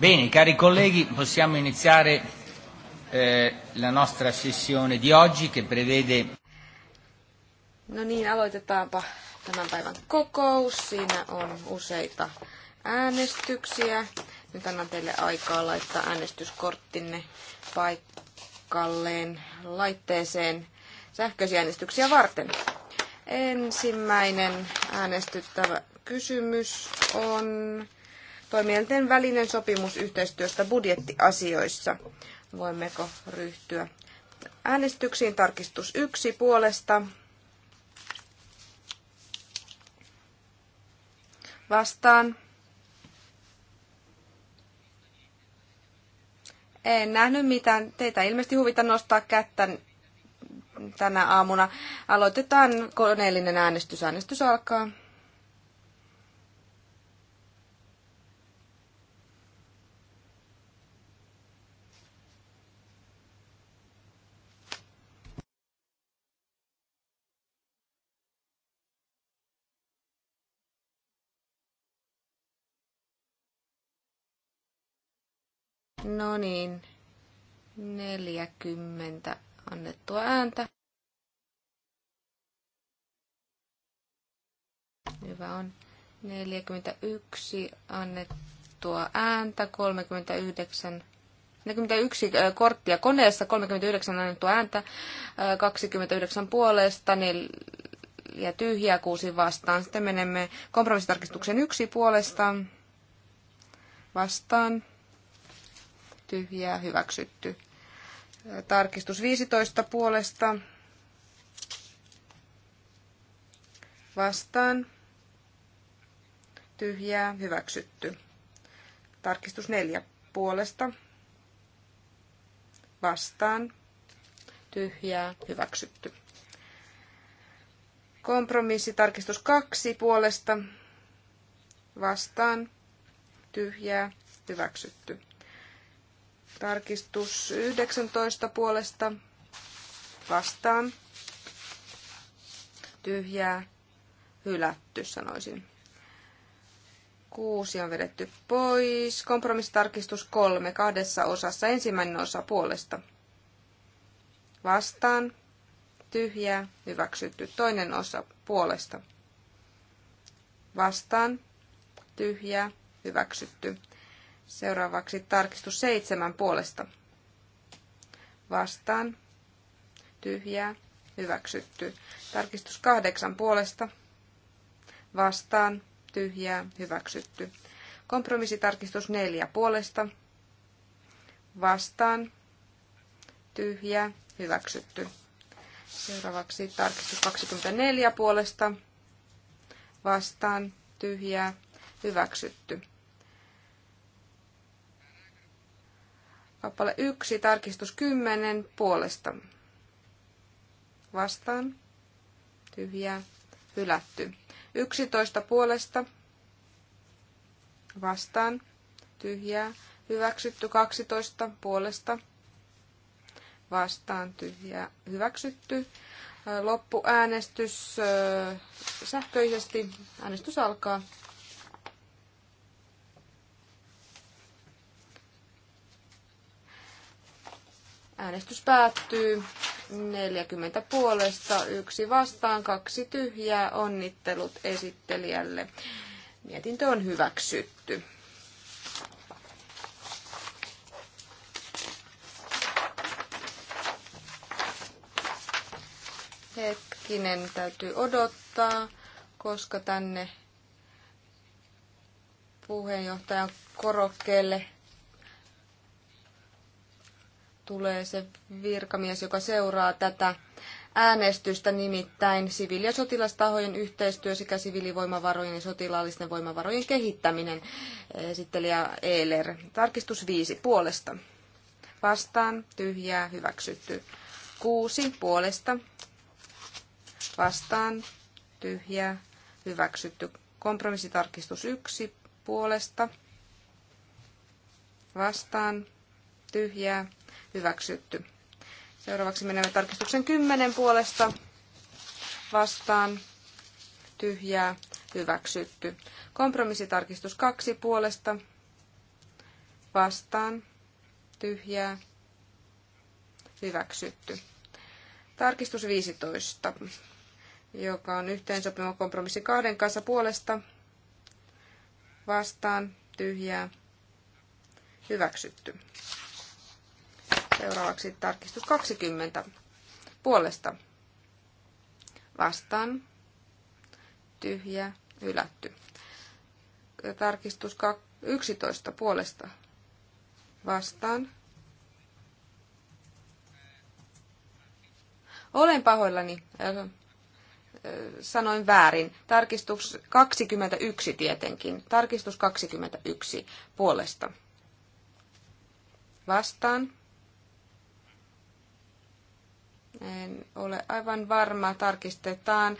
Bene, cari colleghi, possiamo iniziare eh, la nostra sessione di oggi che prevede... No niin, aloitetaanpa tämän päivän kokous. Siinä on useita äänestyksiä. Nyt annan teille aikaa laittaa äänestyskorttinne paikalleen laitteeseen sähköisiä äänestyksiä varten. Ensimmäinen äänestyttävä kysymys on toimielten välinen sopimus yhteistyöstä budjettiasioissa. Voimmeko ryhtyä äänestyksiin? Tarkistus yksi puolesta. Vastaan. En nähnyt mitään. Teitä ilmeisesti huvita nostaa kättä tänä aamuna. Aloitetaan koneellinen äänestys. Äänestys alkaa. No niin, 40 annettua ääntä. Hyvä on. 41 annettua ääntä, 39 41 äh, korttia koneessa, 39 annettua ääntä, 29 äh, puolesta, ja tyhjää, kuusi vastaan. Sitten menemme kompromissitarkistuksen yksi puolesta vastaan tyhjää hyväksytty. Tarkistus 15 puolesta vastaan tyhjää hyväksytty. Tarkistus 4 puolesta vastaan tyhjää hyväksytty. Kompromissi tarkistus 2 puolesta vastaan tyhjää hyväksytty. Tarkistus 19 puolesta vastaan. Tyhjää, hylätty sanoisin. Kuusi on vedetty pois. Kompromissitarkistus kolme kahdessa osassa. Ensimmäinen osa puolesta. Vastaan. Tyhjää. Hyväksytty. Toinen osa puolesta. Vastaan. Tyhjää. Hyväksytty. Seuraavaksi tarkistus seitsemän puolesta. Vastaan. Tyhjää. Hyväksytty. Tarkistus kahdeksan puolesta. Vastaan. Tyhjää. Hyväksytty. Kompromissitarkistus neljä puolesta. Vastaan. Tyhjää. Hyväksytty. Seuraavaksi tarkistus 24 puolesta. Vastaan. Tyhjää. Hyväksytty. Kappale 1, tarkistus 10 puolesta. Vastaan. Tyhjää. Hylätty. 11 puolesta. Vastaan. Tyhjää. Hyväksytty 12 puolesta. Vastaan. Tyhjää. Hyväksytty. Loppuäänestys sähköisesti. Äänestys alkaa. Äänestys päättyy 40 puolesta, yksi vastaan, kaksi tyhjää. Onnittelut esittelijälle. Mietintö on hyväksytty. Hetkinen, täytyy odottaa, koska tänne puheenjohtajan korokkeelle tulee se virkamies, joka seuraa tätä äänestystä, nimittäin siviili- ja sotilastahojen yhteistyö sekä siviilivoimavarojen ja sotilaallisten voimavarojen kehittäminen, esittelijä Eeler. Tarkistus viisi puolesta. Vastaan, tyhjää, hyväksytty. kuusi puolesta. Vastaan, tyhjää, hyväksytty. Kompromissitarkistus yksi puolesta. Vastaan, tyhjää, hyväksytty. Seuraavaksi menemme tarkistuksen 10 puolesta vastaan tyhjää hyväksytty. Kompromissitarkistus 2 puolesta vastaan tyhjää hyväksytty. Tarkistus 15, joka on yhteensopiva kompromissi kahden kanssa puolesta vastaan tyhjää hyväksytty. Seuraavaksi tarkistus 20 puolesta vastaan tyhjä hylätty. Tarkistus 11 puolesta vastaan. Olen pahoillani. Äh, äh, sanoin väärin. Tarkistus 21 tietenkin. Tarkistus 21 puolesta. Vastaan. En ole aivan varma. Tarkistetaan.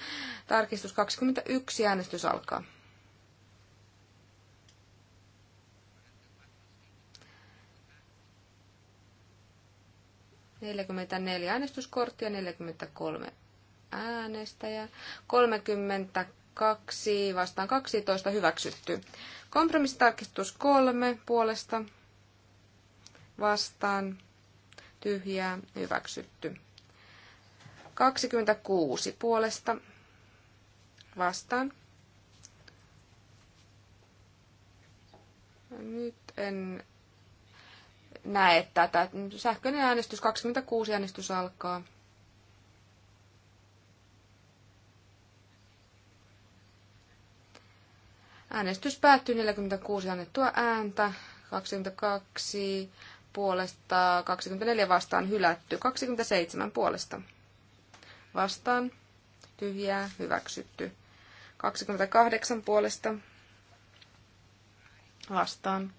Tarkistus 21. Äänestys alkaa. Neljäkymmentäneljä äänestyskorttia, 43 kolmekymmentä 32 vastaan 12 hyväksytty. Kompromissitarkistus kolme puolesta vastaan tyhjää hyväksytty. 26 puolesta vastaan. Nyt en näe tätä. Sähköinen äänestys 26 äänestys alkaa. Äänestys päättyy 46 annettua ääntä, 22 puolesta, 24 vastaan hylätty, 27 puolesta vastaan tyhjää hyväksytty. 28 puolesta vastaan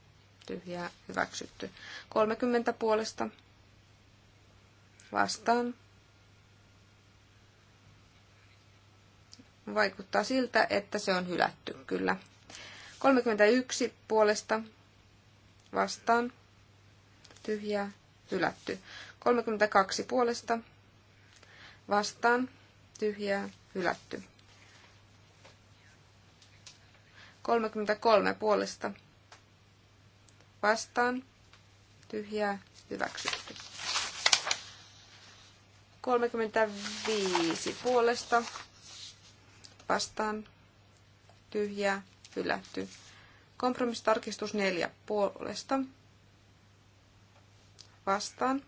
tyhjää hyväksytty. 30 puolesta vastaan vaikuttaa siltä, että se on hylätty kyllä. 31 puolesta vastaan tyhjää hylätty. 32 puolesta vastaan, tyhjää, hylätty. 33 puolesta vastaan, tyhjää, hyväksytty. 35 puolesta vastaan, tyhjää, hylätty. Kompromissitarkistus 4 puolesta vastaan,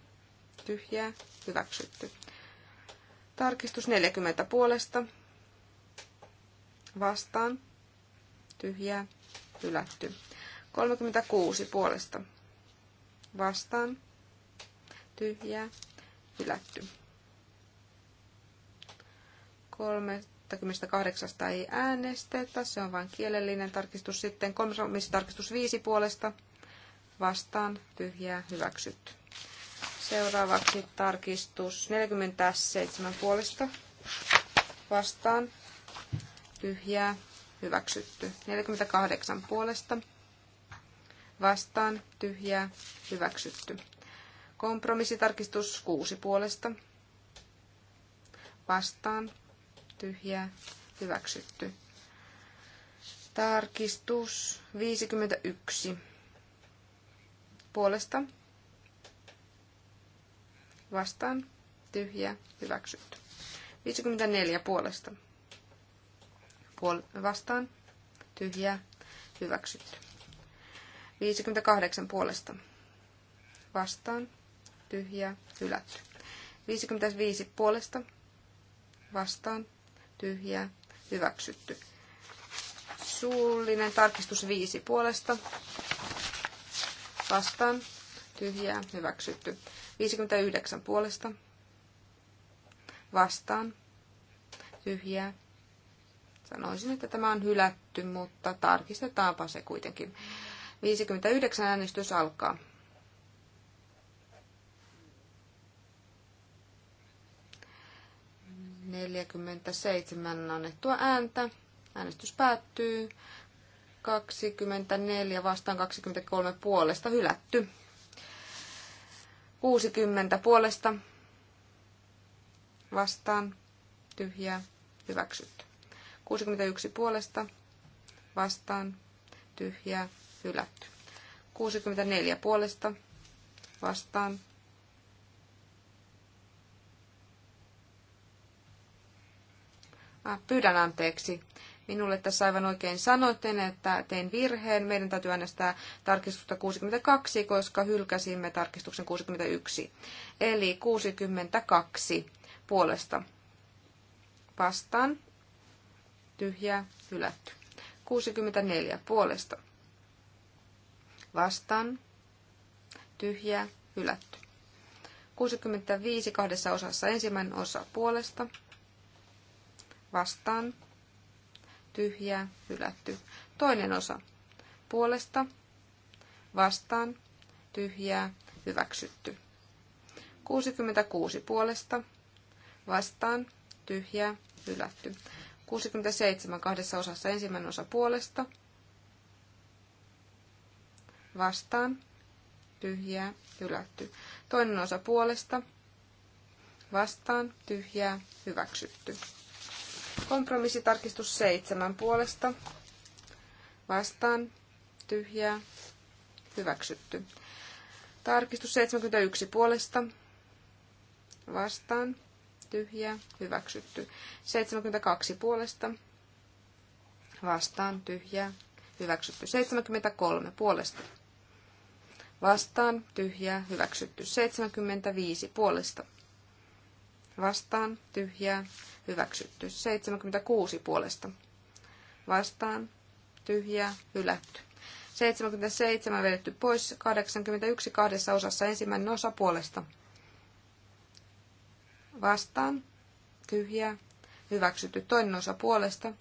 tyhjää, hyväksytty. Tarkistus 40 puolesta. Vastaan. Tyhjää. Hylätty. 36 puolesta. Vastaan. Tyhjää. Hylätty. 38 ei äänestetä. Se on vain kielellinen tarkistus. Sitten kompromissitarkistus 5 puolesta. Vastaan. Tyhjää. Hyväksytty. Seuraavaksi tarkistus 47 puolesta vastaan. Tyhjää. Hyväksytty. 48 puolesta vastaan. Tyhjää. Hyväksytty. Kompromissitarkistus 6 puolesta vastaan. Tyhjää. Hyväksytty. Tarkistus 51 puolesta vastaan tyhjä hyväksytty. 54 puolesta puol- vastaan tyhjä hyväksytty. 58 puolesta vastaan tyhjä hylätty. 55 puolesta vastaan tyhjä hyväksytty. Suullinen tarkistus 5 puolesta vastaan tyhjää hyväksytty. 59 puolesta. Vastaan. Tyhjää. Sanoisin, että tämä on hylätty, mutta tarkistetaanpa se kuitenkin. 59 äänestys alkaa. seitsemän annettua ääntä. Äänestys päättyy. 24 vastaan 23 puolesta hylätty. 60 puolesta vastaan tyhjää hyväksytty. 61 puolesta vastaan tyhjää hylätty. 64 puolesta vastaan ah, Pyydän anteeksi. Minulle tässä aivan oikein sanoitte, että tein virheen. Meidän täytyy äänestää tarkistusta 62, koska hylkäsimme tarkistuksen 61. Eli 62 puolesta vastaan. Tyhjä, hylätty. 64 puolesta vastaan. Tyhjä, hylätty. 65 kahdessa osassa ensimmäinen osa puolesta vastaan tyhjää, hylätty. Toinen osa puolesta, vastaan, tyhjää, hyväksytty. 66 puolesta, vastaan, tyhjää, hylätty. 67 kahdessa osassa ensimmäinen osa puolesta, vastaan, tyhjää, hylätty. Toinen osa puolesta, vastaan, tyhjää, hyväksytty. Kompromissitarkistus seitsemän puolesta. Vastaan. Tyhjää. Hyväksytty. Tarkistus 71 puolesta. Vastaan. Tyhjää. Hyväksytty. 72 puolesta. Vastaan. Tyhjää. Hyväksytty. 73 puolesta. Vastaan. Tyhjää. Hyväksytty. 75 puolesta. Vastaan. Tyhjää hyväksytty. 76 puolesta vastaan tyhjää hylätty. 77 vedetty pois, 81 kahdessa osassa ensimmäinen osa puolesta. Vastaan, tyhjää, hyväksytty toinen osa puolesta.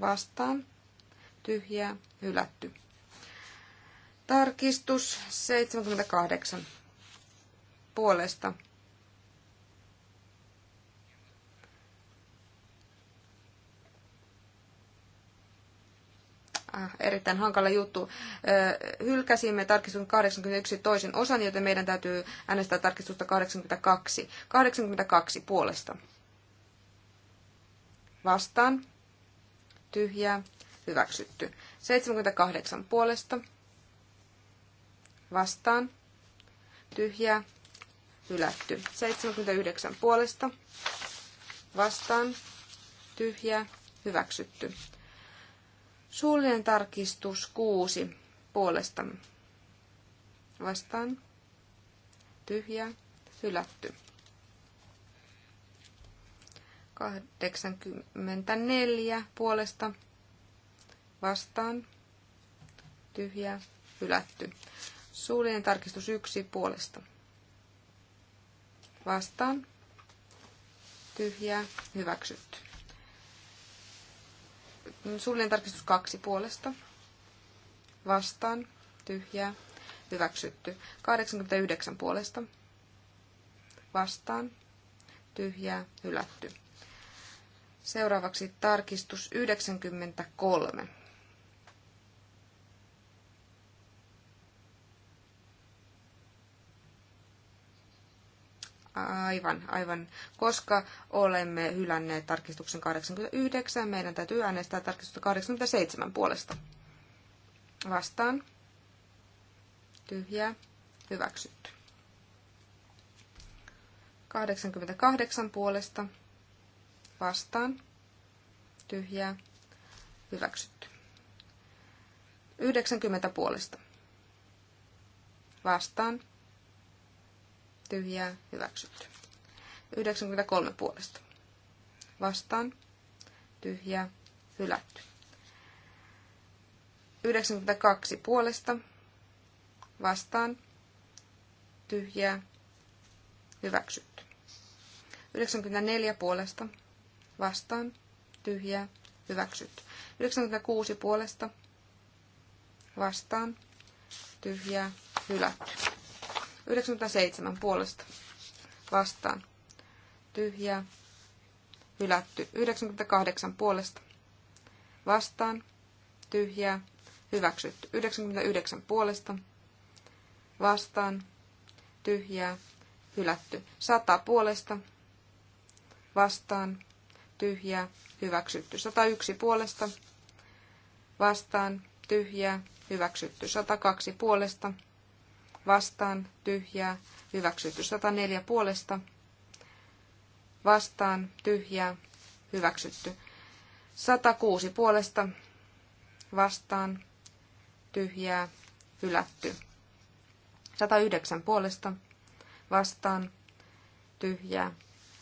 Vastaan, tyhjää, hylätty. Tarkistus 78 puolesta Ah, erittäin hankala juttu. Hylkäsimme tarkistuksen 81 toisen osan, joten meidän täytyy äänestää tarkistusta 82. 82 puolesta. Vastaan. Tyhjää. Hyväksytty. 78 puolesta. Vastaan. Tyhjää. Hylätty. 79 puolesta. Vastaan. Tyhjää. Hyväksytty. Suullinen tarkistus 6 puolesta. Vastaan. Tyhjä. Hylätty. 84 puolesta. Vastaan. Tyhjä. Hylätty. Suullinen tarkistus 1 puolesta. Vastaan. tyhjä Hyväksytty. Suullinen tarkistus kaksi puolesta. Vastaan. Tyhjää. Hyväksytty. 89 puolesta. Vastaan. Tyhjää. Hylätty. Seuraavaksi tarkistus 93 aivan, aivan, koska olemme hylänneet tarkistuksen 89, meidän täytyy äänestää tarkistusta 87 puolesta. Vastaan. Tyhjää. Hyväksytty. 88 puolesta. Vastaan. Tyhjää. Hyväksytty. 90 puolesta. Vastaan tyhjää, hyväksytty. 93 puolesta. Vastaan, tyhjää, hylätty. 92 puolesta. Vastaan, tyhjää, hyväksytty. 94 puolesta. Vastaan, tyhjää, hyväksytty. 96 puolesta. Vastaan, tyhjää, hylätty. 97 puolesta vastaan. Tyhjää. Hylätty. 98 puolesta vastaan. Tyhjää. Hyväksytty. 99 puolesta vastaan. Tyhjää. Hylätty. 100 puolesta vastaan. Tyhjää. Hyväksytty. 101 puolesta vastaan. Tyhjää. Hyväksytty. 102 puolesta vastaan vastaan tyhjää, hyväksytty 104 puolesta, vastaan tyhjää, hyväksytty 106 puolesta, vastaan tyhjää, hylätty 109 puolesta, vastaan tyhjää,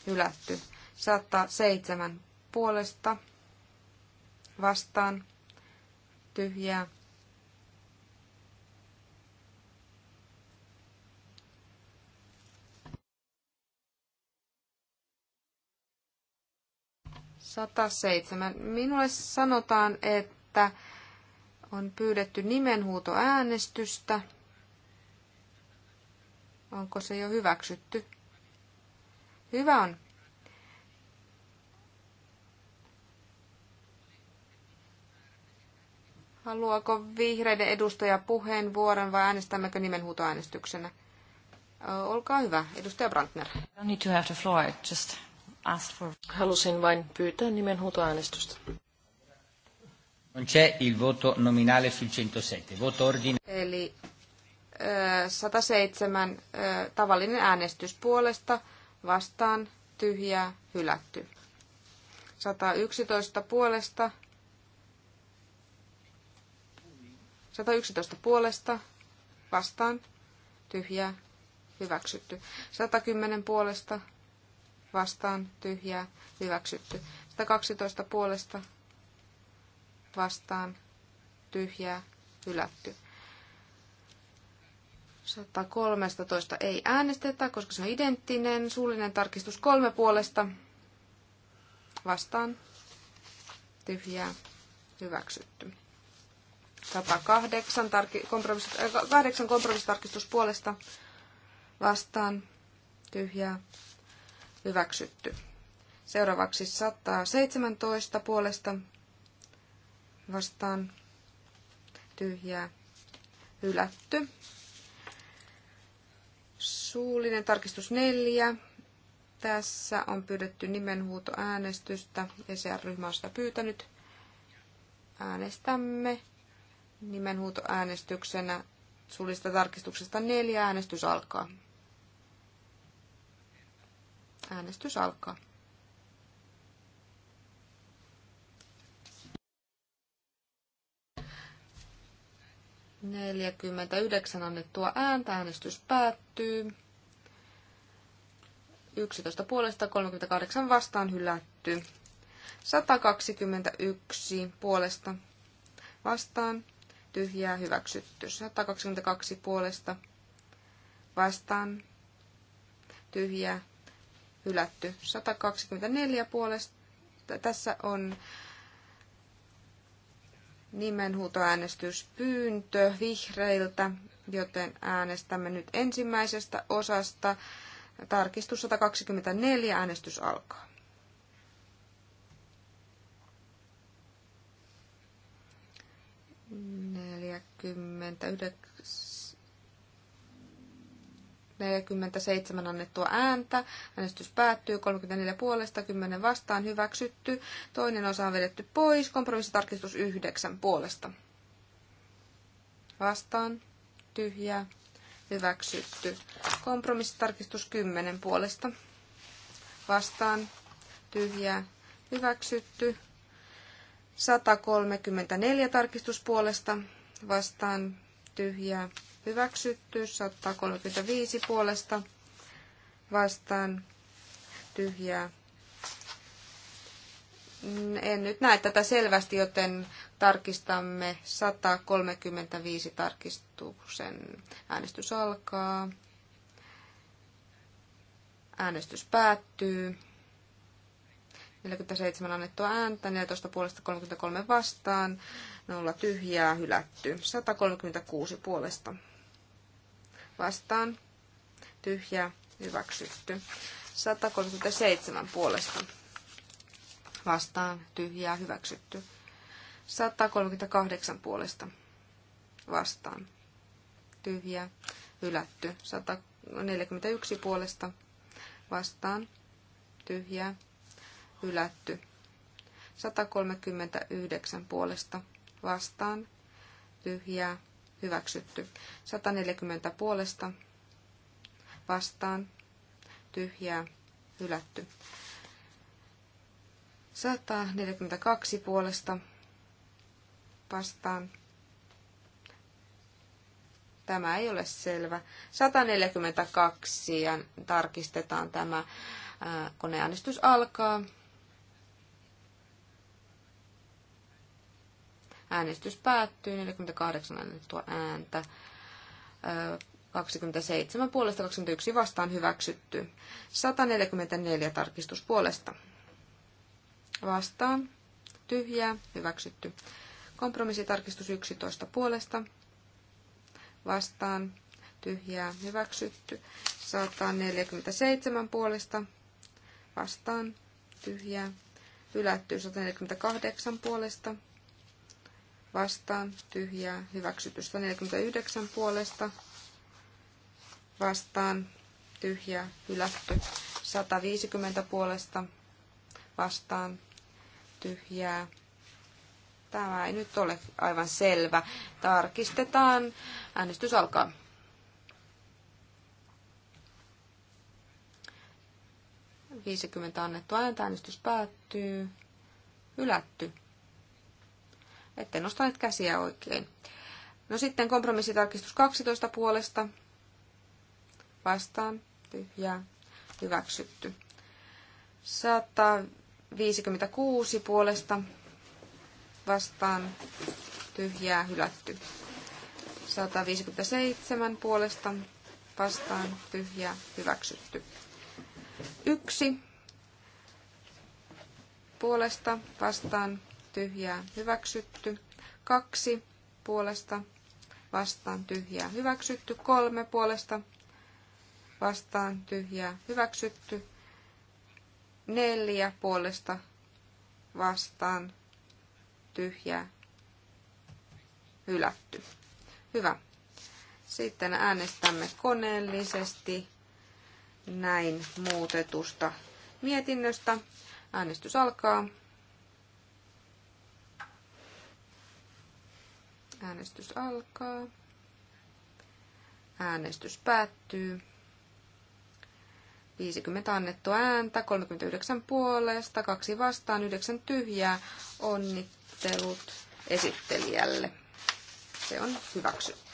hylätty 107 puolesta, vastaan tyhjää, 107. Minulle sanotaan, että on pyydetty nimenhuutoäänestystä. Onko se jo hyväksytty? Hyvä on. Haluaako vihreiden edustaja puheenvuoron vai äänestämmekö nimenhuutoäänestyksenä? Olkaa hyvä, edustaja Brantner. I don't need to have the floor, just asked for... Halusin vain pyytää nimenhuutoäänestystä. Non c'è il voto nominale sul 107. Voto ordine. Eli 107 eh, eh, tavallinen äänestys puolesta, vastaan, tyhjää, hylätty. 111 puolesta, 111 puolesta, vastaan, tyhjää, hyväksytty. 110 puolesta, vastaan tyhjää hyväksytty. 112 puolesta vastaan tyhjää hylätty. 113 ei äänestetä, koska se on identtinen. Suullinen tarkistus kolme puolesta vastaan tyhjää hyväksytty. 108 tarki, kompromissit, äh, 8 kompromissitarkistus puolesta vastaan tyhjää hyväksytty. Seuraavaksi 117 puolesta vastaan tyhjää hylätty. Suullinen tarkistus 4. Tässä on pyydetty nimenhuutoäänestystä. ECR-ryhmä on sitä pyytänyt. Äänestämme nimenhuutoäänestyksenä suullisesta tarkistuksesta 4. Äänestys alkaa. Äänestys alkaa. Neljäkymmentäyhdeksän annettua ääntä. Äänestys päättyy. 11 puolesta 38 vastaan hylätty. 121 puolesta vastaan tyhjää hyväksytty. 122 puolesta vastaan tyhjää hylätty. 124 puolesta. Tässä on nimenhuutoäänestyspyyntö vihreiltä, joten äänestämme nyt ensimmäisestä osasta. Tarkistus 124, äänestys alkaa. Neljäkymmentä, 47 annettua ääntä. Äänestys päättyy 34 puolesta, 10 vastaan hyväksytty. Toinen osa on vedetty pois. Kompromissitarkistus 9 puolesta. Vastaan. Tyhjää. Hyväksytty. Kompromissitarkistus 10 puolesta. Vastaan. Tyhjää. Hyväksytty. 134 tarkistuspuolesta vastaan tyhjää hyväksytty. 135 puolesta vastaan tyhjää. En nyt näe tätä selvästi, joten tarkistamme 135 tarkistuksen. Äänestys alkaa. Äänestys päättyy. 47 annettua ääntä, 14 puolesta 33 vastaan, 0 tyhjää, hylätty. 136 puolesta vastaan tyhjä hyväksytty. 137 puolesta vastaan tyhjää hyväksytty. 138 puolesta vastaan tyhjä hylätty. 141 puolesta vastaan tyhjä hylätty. 139 puolesta vastaan tyhjä hyväksytty. 140 puolesta vastaan tyhjää hylätty. 142 puolesta vastaan. Tämä ei ole selvä. 142 ja tarkistetaan tämä. Koneäänestys alkaa. Äänestys päättyy 48 ääntä. 27 puolesta 21 vastaan hyväksytty. 144 tarkistus puolesta. Vastaan. Tyhjää. Hyväksytty. Kompromissitarkistus 11 puolesta. Vastaan. Tyhjää. Hyväksytty. 147 puolesta. Vastaan. Tyhjää. Hylätty. 148 puolesta vastaan tyhjää hyväksytystä 49 puolesta vastaan tyhjää hylätty. 150 puolesta vastaan tyhjää. Tämä ei nyt ole aivan selvä. Tarkistetaan. Äänestys alkaa. Viisikymmentä annettu ääntä. Äänestys päättyy. Hylätty ette nostaneet käsiä oikein. No sitten kompromissitarkistus 12 puolesta. Vastaan. Tyhjää. Hyväksytty. 156 puolesta. Vastaan. Tyhjää. Hylätty. 157 puolesta. Vastaan. Tyhjää. Hyväksytty. Yksi puolesta vastaan tyhjää hyväksytty. Kaksi puolesta vastaan tyhjää hyväksytty. Kolme puolesta vastaan tyhjää hyväksytty. Neljä puolesta vastaan tyhjää hylätty. Hyvä. Sitten äänestämme koneellisesti näin muutetusta mietinnöstä. Äänestys alkaa. Äänestys alkaa. Äänestys päättyy. 50 annettua ääntä, 39 puolesta, kaksi vastaan, 9 tyhjää. Onnittelut esittelijälle. Se on hyväksytty.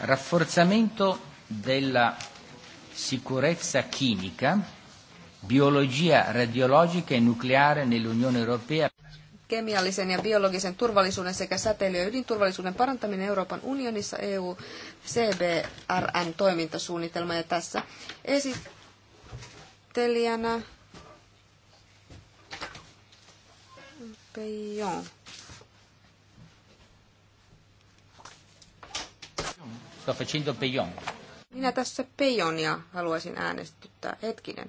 Rafforzamento della sicurezza chimica, biologia radiologica e nucleare nell'Unione Europea kemiallisen ja biologisen turvallisuuden sekä säteily- ja ydinturvallisuuden parantaminen Euroopan unionissa EU CBRN toimintasuunnitelma. Ja tässä esittelijänä Peillon. Sto facendo Peillon. Minä tässä Peijonia haluaisin äänestyttää. Hetkinen.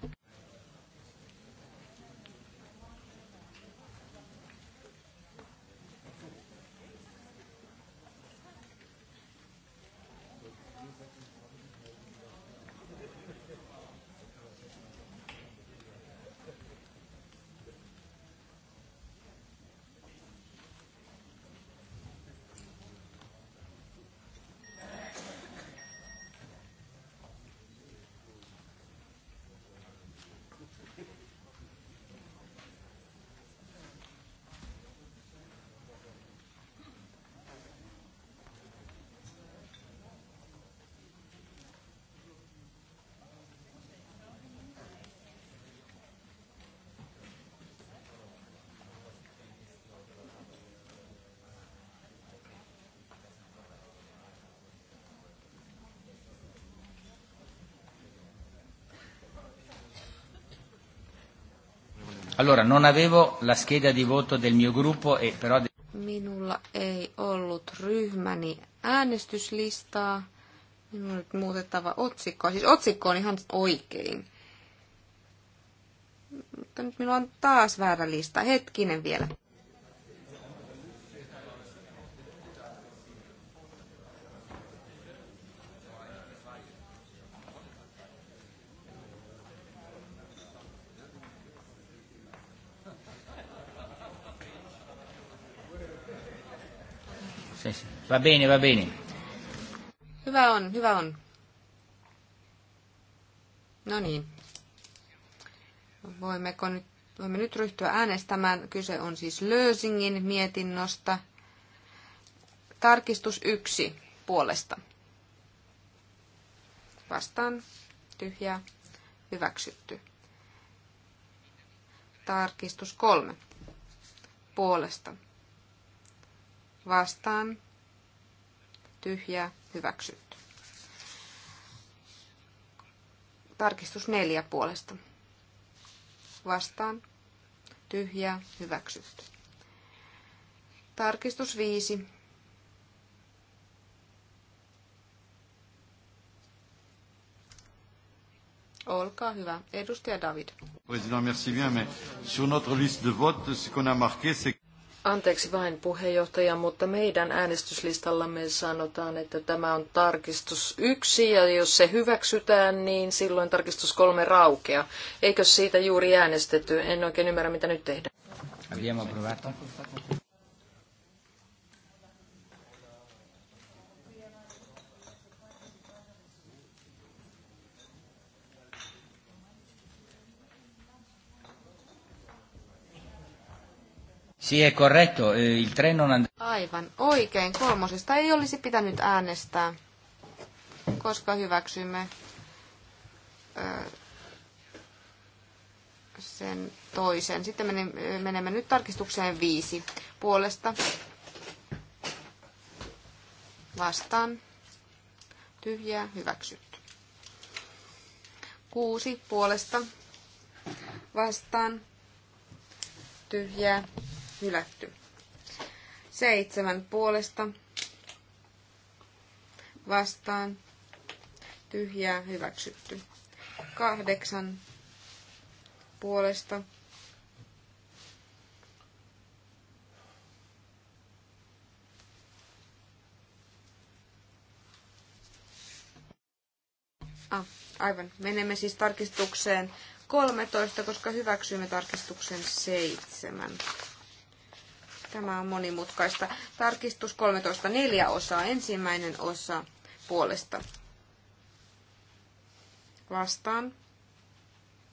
Allora, non avevo la scheda di voto del mio gruppo, e però... Minulla ei ollut ryhmäni äänestyslistaa. Minun on nyt muutettava otsikkoa. Siis otsikko on ihan oikein. Mutta nyt minulla on taas väärä lista. Hetkinen vielä. Sì, siis, sì. Va bene, va bene. Hyvä on, hyvä on. No niin. Voimmeko nyt, voimme nyt ryhtyä äänestämään. Kyse on siis Lösingin mietinnöstä. Tarkistus yksi puolesta. Vastaan tyhjä, hyväksytty. Tarkistus kolme puolesta vastaan, tyhjä hyväksytty. Tarkistus neljä puolesta. Vastaan, tyhjä hyväksytty. Tarkistus viisi. Olkaa hyvä. Edustaja David. Président, merci bien, mais sur notre liste de vote, ce qu'on a marqué, c'est Anteeksi vain puheenjohtaja, mutta meidän äänestyslistallamme sanotaan, että tämä on tarkistus yksi ja jos se hyväksytään, niin silloin tarkistus kolme raukea. Eikö siitä juuri äänestetty? En oikein ymmärrä, mitä nyt tehdään. Si è corretto, eh, il treno non... Aivan oikein, kolmosesta ei olisi pitänyt äänestää, koska hyväksymme sen toisen. Sitten menemme nyt tarkistukseen viisi puolesta. Vastaan. Tyhjää, hyväksytty. Kuusi puolesta. Vastaan. Tyhjää, hylätty. Seitsemän puolesta vastaan tyhjää hyväksytty. Kahdeksan puolesta Ah, aivan. Menemme siis tarkistukseen 13, koska hyväksyimme tarkistuksen 7. Tämä on monimutkaista. Tarkistus 13. Neljä osaa. Ensimmäinen osa puolesta. Vastaan.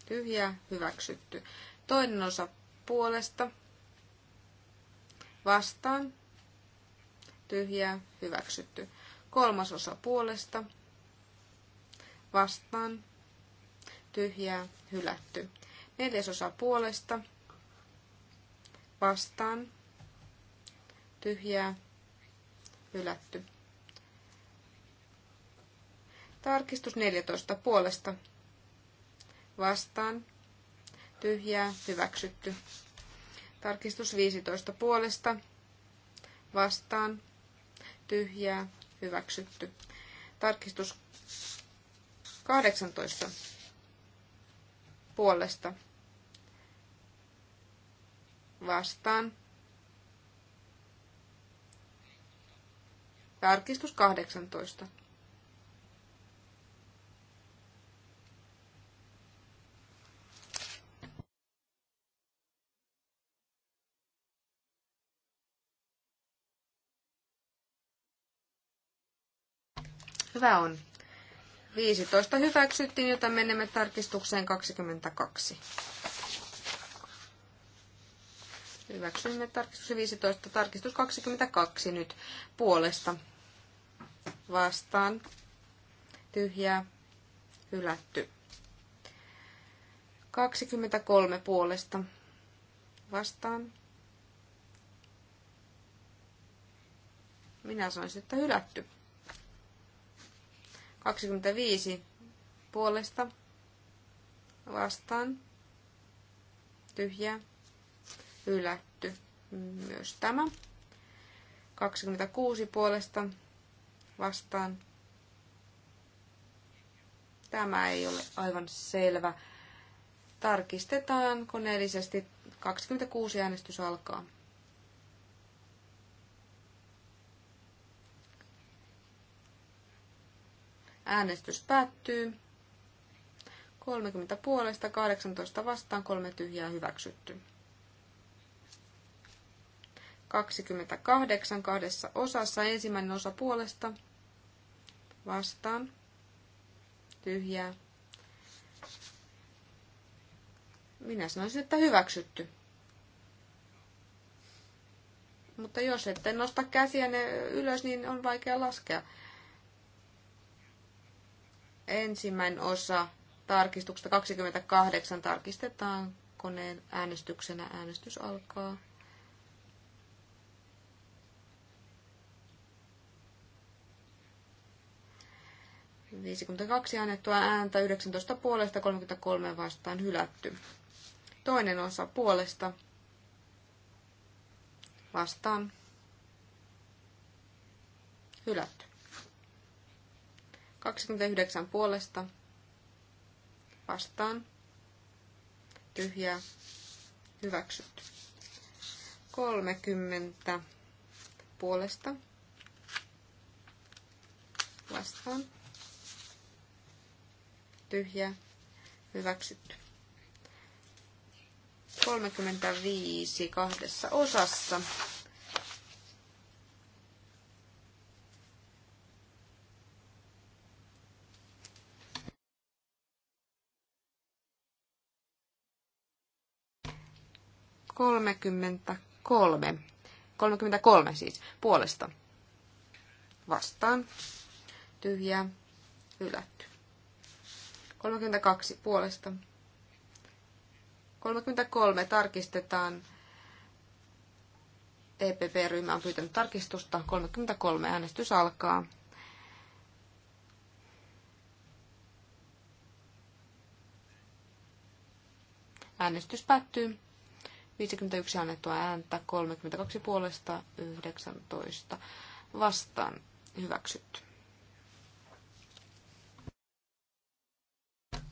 Tyhjä. Hyväksytty. Toinen osa puolesta. Vastaan. Tyhjä. Hyväksytty. Kolmas osa puolesta. Vastaan. tyhjä Hylätty. Neljäs osa puolesta vastaan, tyhjää, hylätty. Tarkistus 14 puolesta. Vastaan. Tyhjää. Hyväksytty. Tarkistus 15 puolesta. Vastaan. Tyhjää. Hyväksytty. Tarkistus 18 puolesta. Vastaan. Tarkistus 18. Hyvä on. 15 hyväksyttiin, jota menemme tarkistukseen 22. Hyväksymme tarkistus 15, tarkistus 22 nyt puolesta. Vastaan. Tyhjää. Hylätty. 23 puolesta. Vastaan. Minä sanoisin, että hylätty. 25 puolesta. Vastaan. Tyhjää hylätty myös tämä. 26 puolesta vastaan. Tämä ei ole aivan selvä. Tarkistetaan koneellisesti. 26 äänestys alkaa. Äänestys päättyy. 30 puolesta, 18 vastaan, 3 tyhjää hyväksytty. 28 kahdessa osassa. Ensimmäinen osa puolesta vastaan. Tyhjää. Minä sanoisin, että hyväksytty. Mutta jos ette nosta käsiä ylös, niin on vaikea laskea. Ensimmäinen osa tarkistuksesta 28 tarkistetaan koneen äänestyksenä. Äänestys alkaa. 52 annettua ääntä, 19 puolesta, 33 vastaan hylätty. Toinen osa puolesta vastaan hylätty. 29 puolesta vastaan tyhjää hyväksytty. 30 puolesta vastaan tyhjä, hyväksytty. 35 kahdessa osassa. Kolmekymmentä kolme. Kolmekymmentä kolme siis puolesta. Vastaan. Tyhjää. Ylätty. 32 puolesta. 33 tarkistetaan. EPP-ryhmä on pyytänyt tarkistusta. 33 äänestys alkaa. Äänestys päättyy. 51 annettua ääntä, 32 puolesta, 19 vastaan hyväksytty.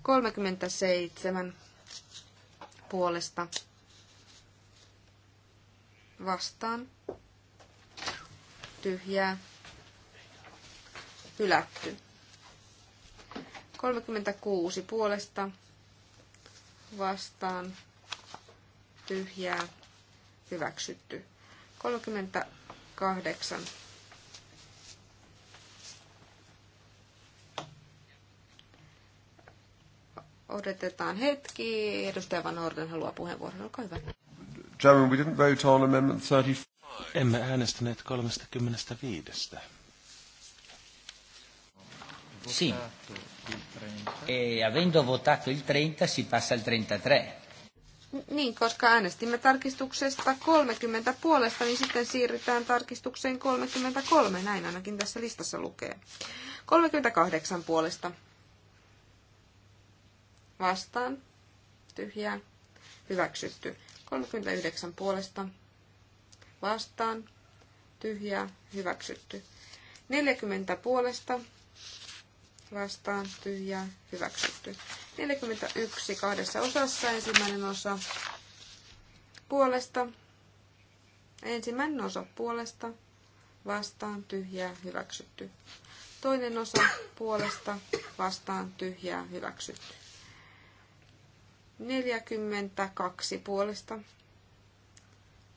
37 puolesta vastaan tyhjää hylätty. 36 puolesta vastaan tyhjää hyväksytty. 38 odotetaan hetki. Edustaja Van Orden haluaa puheenvuoron. Olkaa hyvä. Chairman, we didn't vote on amendment 35. Emme äänestäneet 35. Sì. E avendo votato il 30 si passa al 33. Niin, koska äänestimme tarkistuksesta 30 puolesta, niin sitten siirrytään tarkistukseen 33. Näin ainakin tässä listassa lukee. 38 puolesta vastaan, tyhjää, hyväksytty. 39 puolesta vastaan, tyhjää, hyväksytty. 40 puolesta vastaan, tyhjää, hyväksytty. 41 kahdessa osassa, ensimmäinen osa puolesta, ensimmäinen osa puolesta, vastaan, tyhjää, hyväksytty. Toinen osa puolesta, vastaan, tyhjää, hyväksytty. 42 puolesta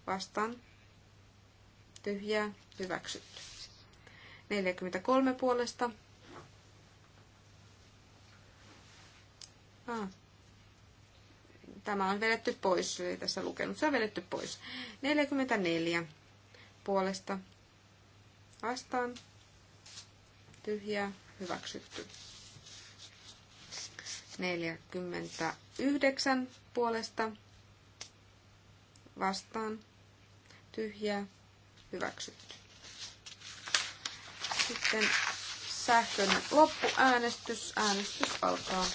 vastaan tyhjää hyväksytty. 43 puolesta. Ah. Tämä on vedetty pois, ei tässä lukenut, se on vedetty pois. 44 puolesta vastaan tyhjää hyväksytty. 49 puolesta vastaan tyhjää hyväksytty. Sitten sähköinen loppuäänestys. Äänestys alkaa.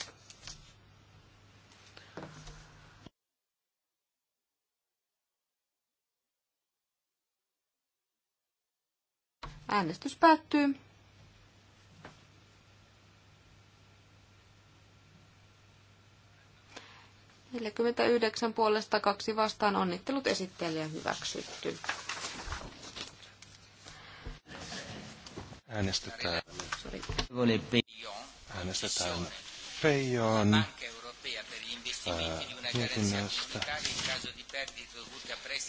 Äänestys päättyy. 49 puolesta kaksi vastaan onnittelut esittelijä hyväksytty. Äänestetään. Sorry. Äänestetään Feijon mietinnöstä.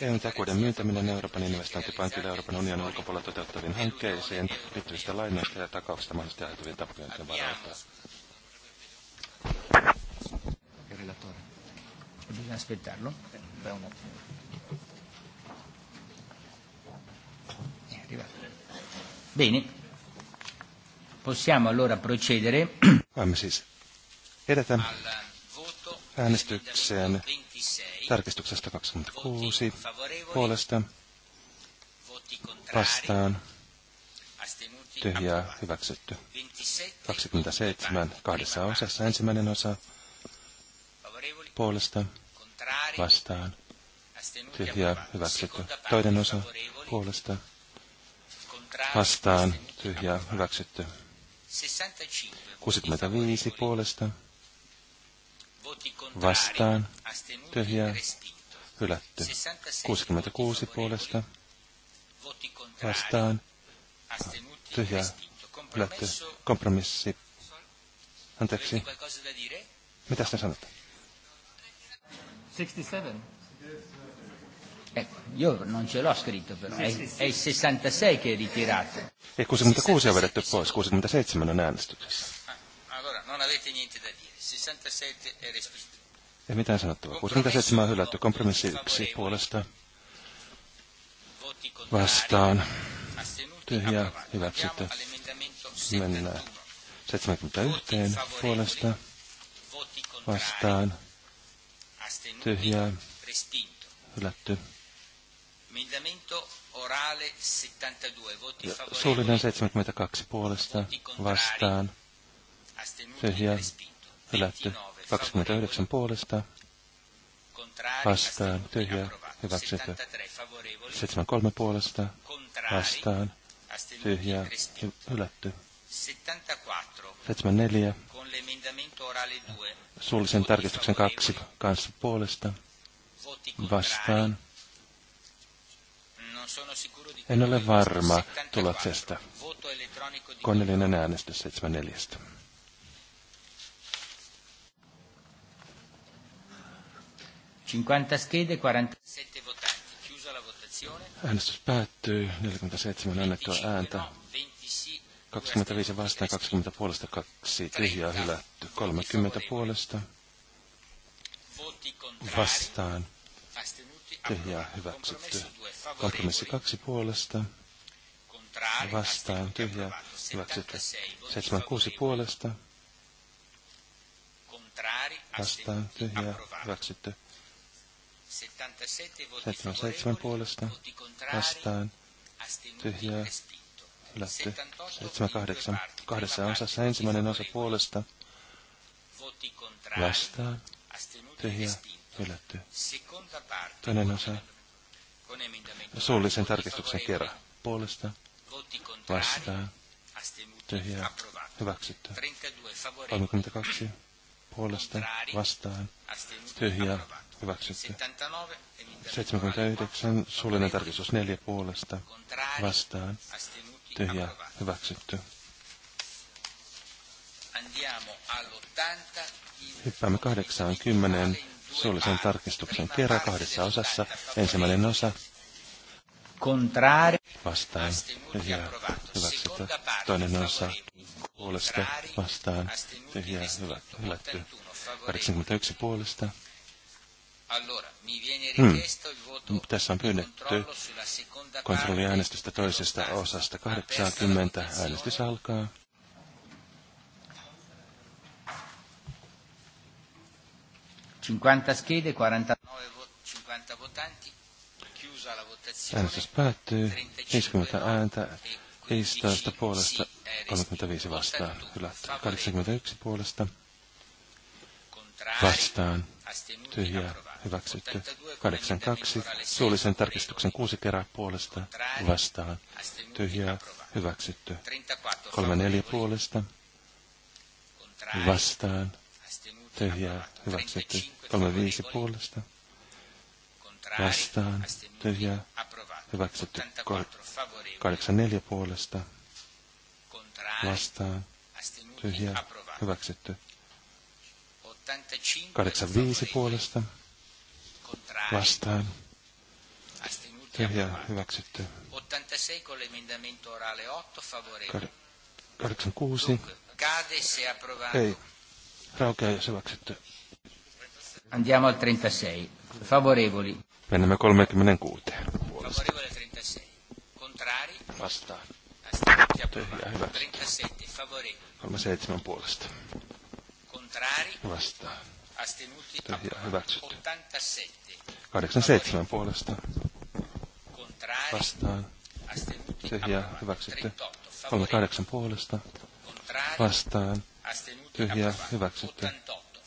EUn takuuden myyntäminen Euroopan investointipankille Euroopan unionin ulkopuolella toteuttaviin hankkeisiin liittyvistä lainoista ja takauksista mahdollisesti aiheutuvien tappioiden varalta. bisogna aspettarlo per un attimo. È arrivato. Bene, possiamo allora procedere. Voimme ah, siis edetä äänestykseen tarkistuksesta 26 puolesta vastaan tyhjää hyväksytty. 27 kahdessa osassa ensimmäinen osa puolesta vastaan. Tyhjää hyväksytty. Toinen osa puolesta vastaan. Tyhjää hyväksytty. 65 puolesta vastaan. Tyhjää hylätty. 66 puolesta vastaan. Tyhjää hylätty. Kompromissi. Anteeksi. Mitä sinä sanot? 67. Eh, io non ce l'ho scritto però, è, è il 66 che è ritirato. E 66 on vedetty pois, 67 on äänestyksessä. Allora, non avete niente da dire, 67 è respinto. Ei mitään sanottua. 67 on hylätty. Kompromissi 1 puolesta. Vastaan. Tyhjää. Hyväksytty. Mennään 71 puolesta. Vastaan tyhjää hylätty. Suullinen 72 puolesta vastaan tyhjää hylätty. 29 puolesta vastaan tyhjää hyväksytty. 73 puolesta vastaan tyhjää hylätty. 74 suullisen tarkistuksen kaksi kanssa puolesta vastaan. En ole varma tuloksesta. Koneellinen äänestys 74. 47 Äänestys päättyy. 47 annettua ääntä, 25 vastaan, 20 puolesta, 2 tyhjää hylätty. 30 puolesta vastaan, tyhjää hyväksytty. Kompromissi 2 puolesta vastaan, tyhjää hyväksytty. 76 puolesta vastaan, tyhjää hyväksytty. 77 puolesta vastaan, tyhjää lähti 78 kahdessa osassa. Ensimmäinen osa puolesta vastaan, tyhjä, hylätty. Toinen osa suullisen tarkistuksen kerran puolesta vastaan, tyhjä, hyväksytty. 32 puolesta vastaan, tyhjä, hyväksytty. 79 suullinen tarkistus neljä puolesta vastaan, tyhjää hyväksytty. Hyppäämme 80 suullisen tarkistuksen kerran kahdessa osassa. Ensimmäinen osa. Contrari. Vastaan. Tyhjää. Hyväksytty. Toinen osa. Puolesta. Vastaan. Tyhjää. Hyvä. Hylätty. 81 puolesta. Hmm. Tässä on pyydetty Kontrolli äänestystä toisesta osasta 80. Äänestys alkaa. Äänestys päättyy. 50 ääntä, 15 puolesta, 35 vastaan. Hylätty. 81 puolesta. Vastaan. Tyhjää hyväksytty. 82 suullisen tarkistuksen kuusi kerää puolesta vastaan. Tyhjää hyväksytty. 34 puolesta vastaan. Tyhjää hyväksytty. 35 puolesta vastaan. Tyhjää hyväksytty. 84 puolesta vastaan. Tyhjää hyväksytty. 85 puolesta vastaan. Ja hyväksytty. 86. Ei. Raukea jos hyväksytty. Andiamo al 36. Favorevoli. Mennämme 36. Puolesta. 36. Contrari. Vastaan. Tyhjä hyväksytty. 37 puolesta. Contrari. Vastaan. 87 puolesta. Vastaan. Tyhjää hyväksytty. 38 puolesta. Vastaan. Tyhjää hyväksytty.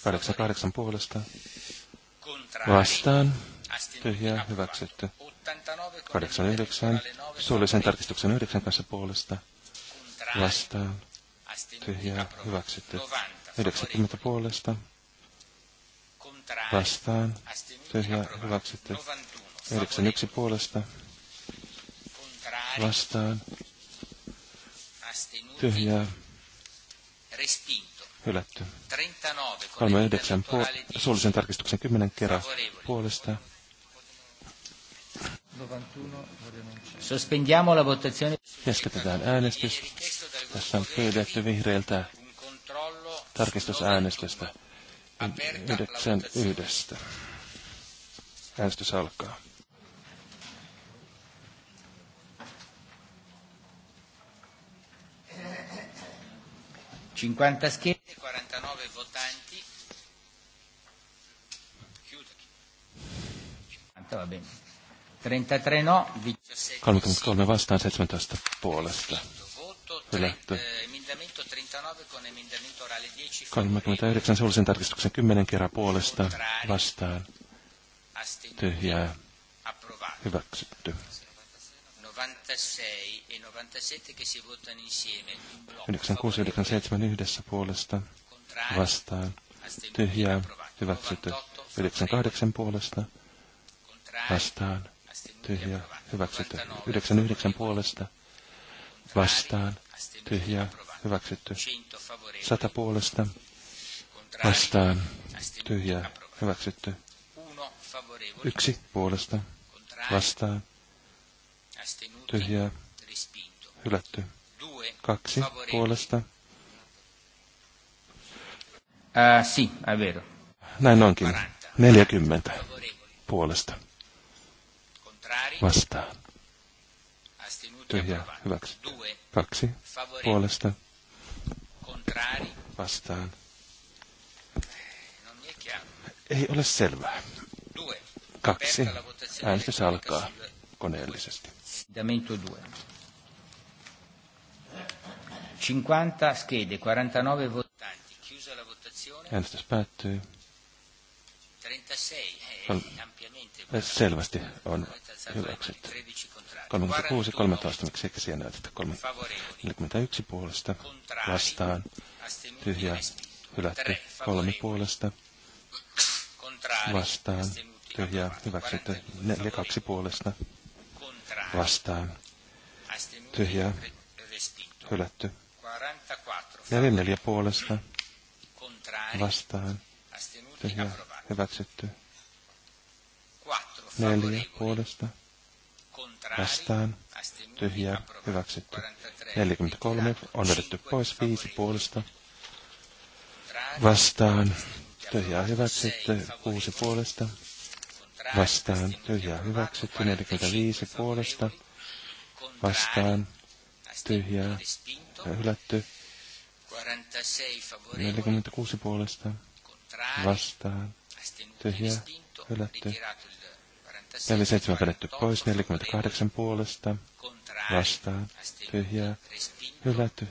88 puolesta. Vastaan. Tyhjää hyväksytty. 89. Suullisen tarkistuksen 9 kanssa puolesta. Vastaan. Tyhjää hyväksytty. 90 puolesta vastaan, tyhjä hyväksytty. 91 puolesta vastaan, tyhjää hylätty. 39 puol- suullisen tarkistuksen 10 kerran puolesta. Sospendiamo la votazione. Keskitetään äänestys. Tässä on pyydetty vihreiltä tarkistusäänestystä yhdeksän yhdestä. Äänestys alkaa. No, Kolmekymmentäkolme 49 votanti. 33 no, vastaan, 17 puolesta. Hylätty. Eh, 39 suullisen tarkistuksen kymmenen kerran puolesta vastaan. Tyhjää. Hyväksytty. 96 ja 97 yhdessä puolesta vastaan. Tyhjää. Hyväksytty. 98 puolesta vastaan. Tyhjää. Hyväksytty. 99 puolesta vastaan. Tyhjää hyväksytty. Sata puolesta vastaan tyhjää hyväksytty. Yksi puolesta vastaan tyhjää hylätty. Kaksi puolesta. Ää, si, è vero. Näin onkin. 40 puolesta. Vastaan. Tyhjää hyväksytty. Kaksi puolesta vastaan. No niin, ei ole selvää. Kaksi. Äänestys alkaa koneellisesti. 50 schede, 49 votanti. Chiusa la votazione. Äänestys päättyy. 36. Eh, on, eh, selvästi on hyväksytty. 36, 13, miksi eikä siellä näytetä 41 puolesta vastaan, tyhjä hylätty, 3 puolesta vastaan, tyhjä hyväksytty, 4, 2 puolesta vastaan, tyhjä hylätty, 4, 4 puolesta vastaan, tyhjä hyväksytty, 4 puolesta vastaan, vastaan, tyhjä, hyväksytty. 43 on vedetty pois, 5 puolesta, vastaan, tyhjä, hyväksytty, 6 puolesta, vastaan, tyhjä, hyväksytty, 45 puolesta, vastaan, tyhjä, hylätty, 46 puolesta, vastaan, tyhjä, hylätty, 47 vedetty pois, 48 puolesta, vastaan, tyhjää, hylätty.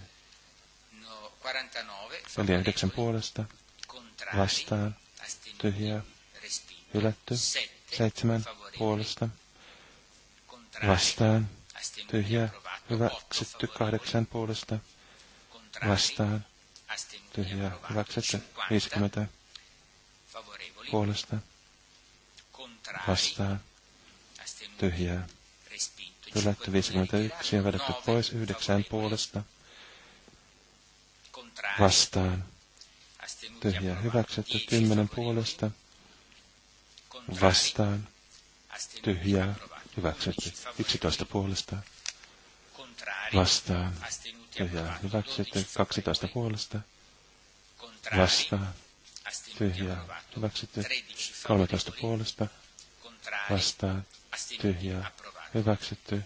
49 puolesta, vastaan, tyhjää, hylätty. 7 puolesta, vastaan, tyhjää, hyväksytty. 8 puolesta, vastaan, tyhjää, hyväksytty. 50 puolesta, vastaan, tyhjää. Hylätty 51 ja vedetty pois yhdeksän puolesta. Vastaan. Tyhjää hyväksytty kymmenen puolesta. Vastaan. Tyhjää hyväksytty yksitoista puolesta. Vastaan. Tyhjää hyväksytty kaksitoista puolesta. Vastaan. Tyhjää hyväksytty kolmetoista puolesta. Vastaan tyhjää hyväksytty.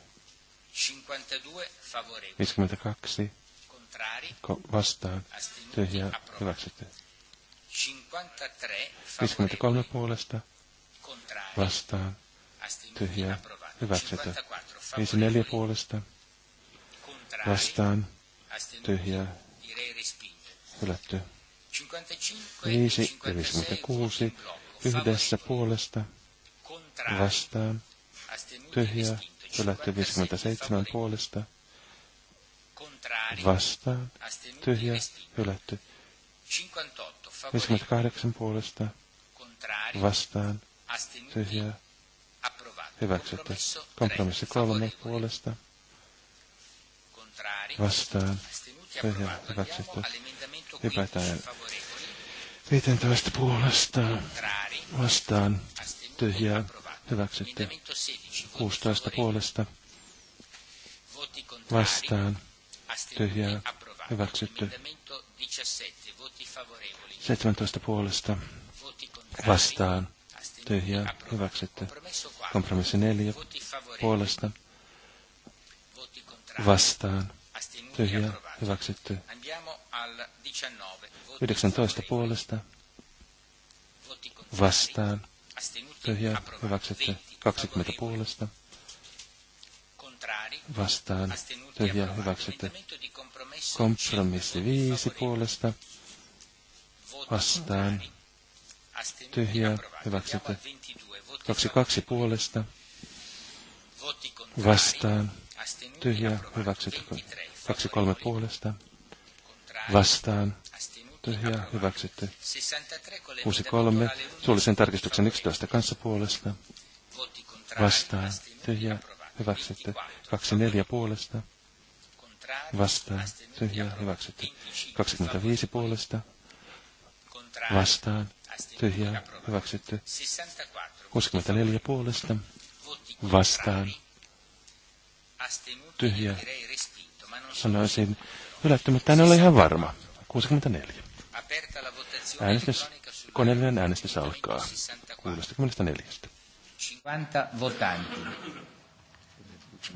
52 Ko- vastaan tyhjää hyväksytty. 53 puolesta vastaan tyhjää hyväksytty. 54 puolesta vastaan tyhjää hylätty. 5 ja 56 yhdessä puolesta vastaan tyhjää, hylätty 57 puolesta, vastaan, tyhjää, hylätty 58 puolesta, vastaan, tyhjää, hyväksytty kompromissi kolme puolesta, vastaan, tyhjää, hyväksytty, hypätään 15 puolesta, vastaan, tyhjää, Hyväksytty. 16 puolesta. Vastaan. Tyhjää. Hyväksytty. 17 puolesta. Vastaan. Tyhjää. Hyväksytty. Kompromissi 4 puolesta. Vastaan. Tyhjää. Hyväksytty. 19 puolesta. Vastaan tyhjää hyväksytty 20 puolesta vastaan tyhjää hyväksytty kompromissi 5 puolesta vastaan tyhjää hyväksytty 22 puolesta vastaan tyhjää hyväksytty 23 puolesta vastaan ja hyväksytty. 63 suullisen tarkistuksen 11 puolesta vastaan tyhjä, hyväksytty. 24 puolesta vastaan tyhjä, hyväksytty. 25 puolesta vastaan tyhjä, hyväksytty. 64 puolesta vastaan Tyhjä. sanoisin hylätty, mutta en ole ihan varma. 64. Äänestys, koneellinen äänestys alkaa 64. 50 votanti.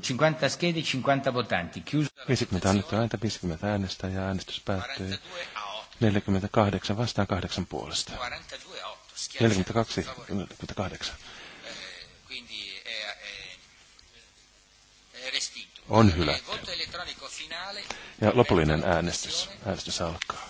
50 schede, 50 votanti. 50 annettu ääntä, 50 äänestä ja äänestys päättyy 48 vastaan 8 puolesta. 42, 48. Eh, on hylätty. Ja lopullinen äänestys. Äänestys alkaa.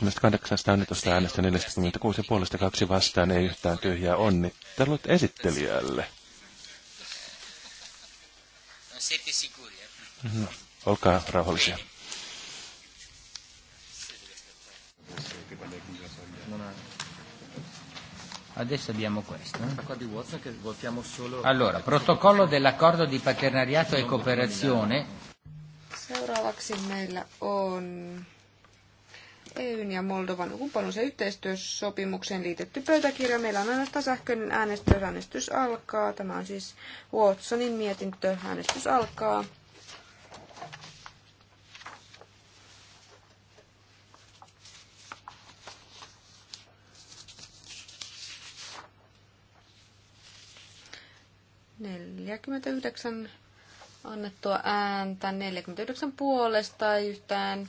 48 annetusta äänestä 46 puolesta kaksi vastaan ei yhtään tyhjää onnittelut esittelijälle. Mm-hmm. olkaa rauhallisia. Adesso abbiamo questo. Eh. Allora, protocollo dell'accordo di paternariato e cooperazione Seuraavaksi meillä on EUn ja Moldovan kumppanuus- ja yhteistyösopimukseen liitetty pöytäkirja. Meillä on ainoastaan sähköinen äänestys. Äänestys alkaa. Tämä on siis Watsonin mietintö. Äänestys alkaa. Neljäkymmentäyhdeksän annettua ääntä 49 puolesta, ei yhtään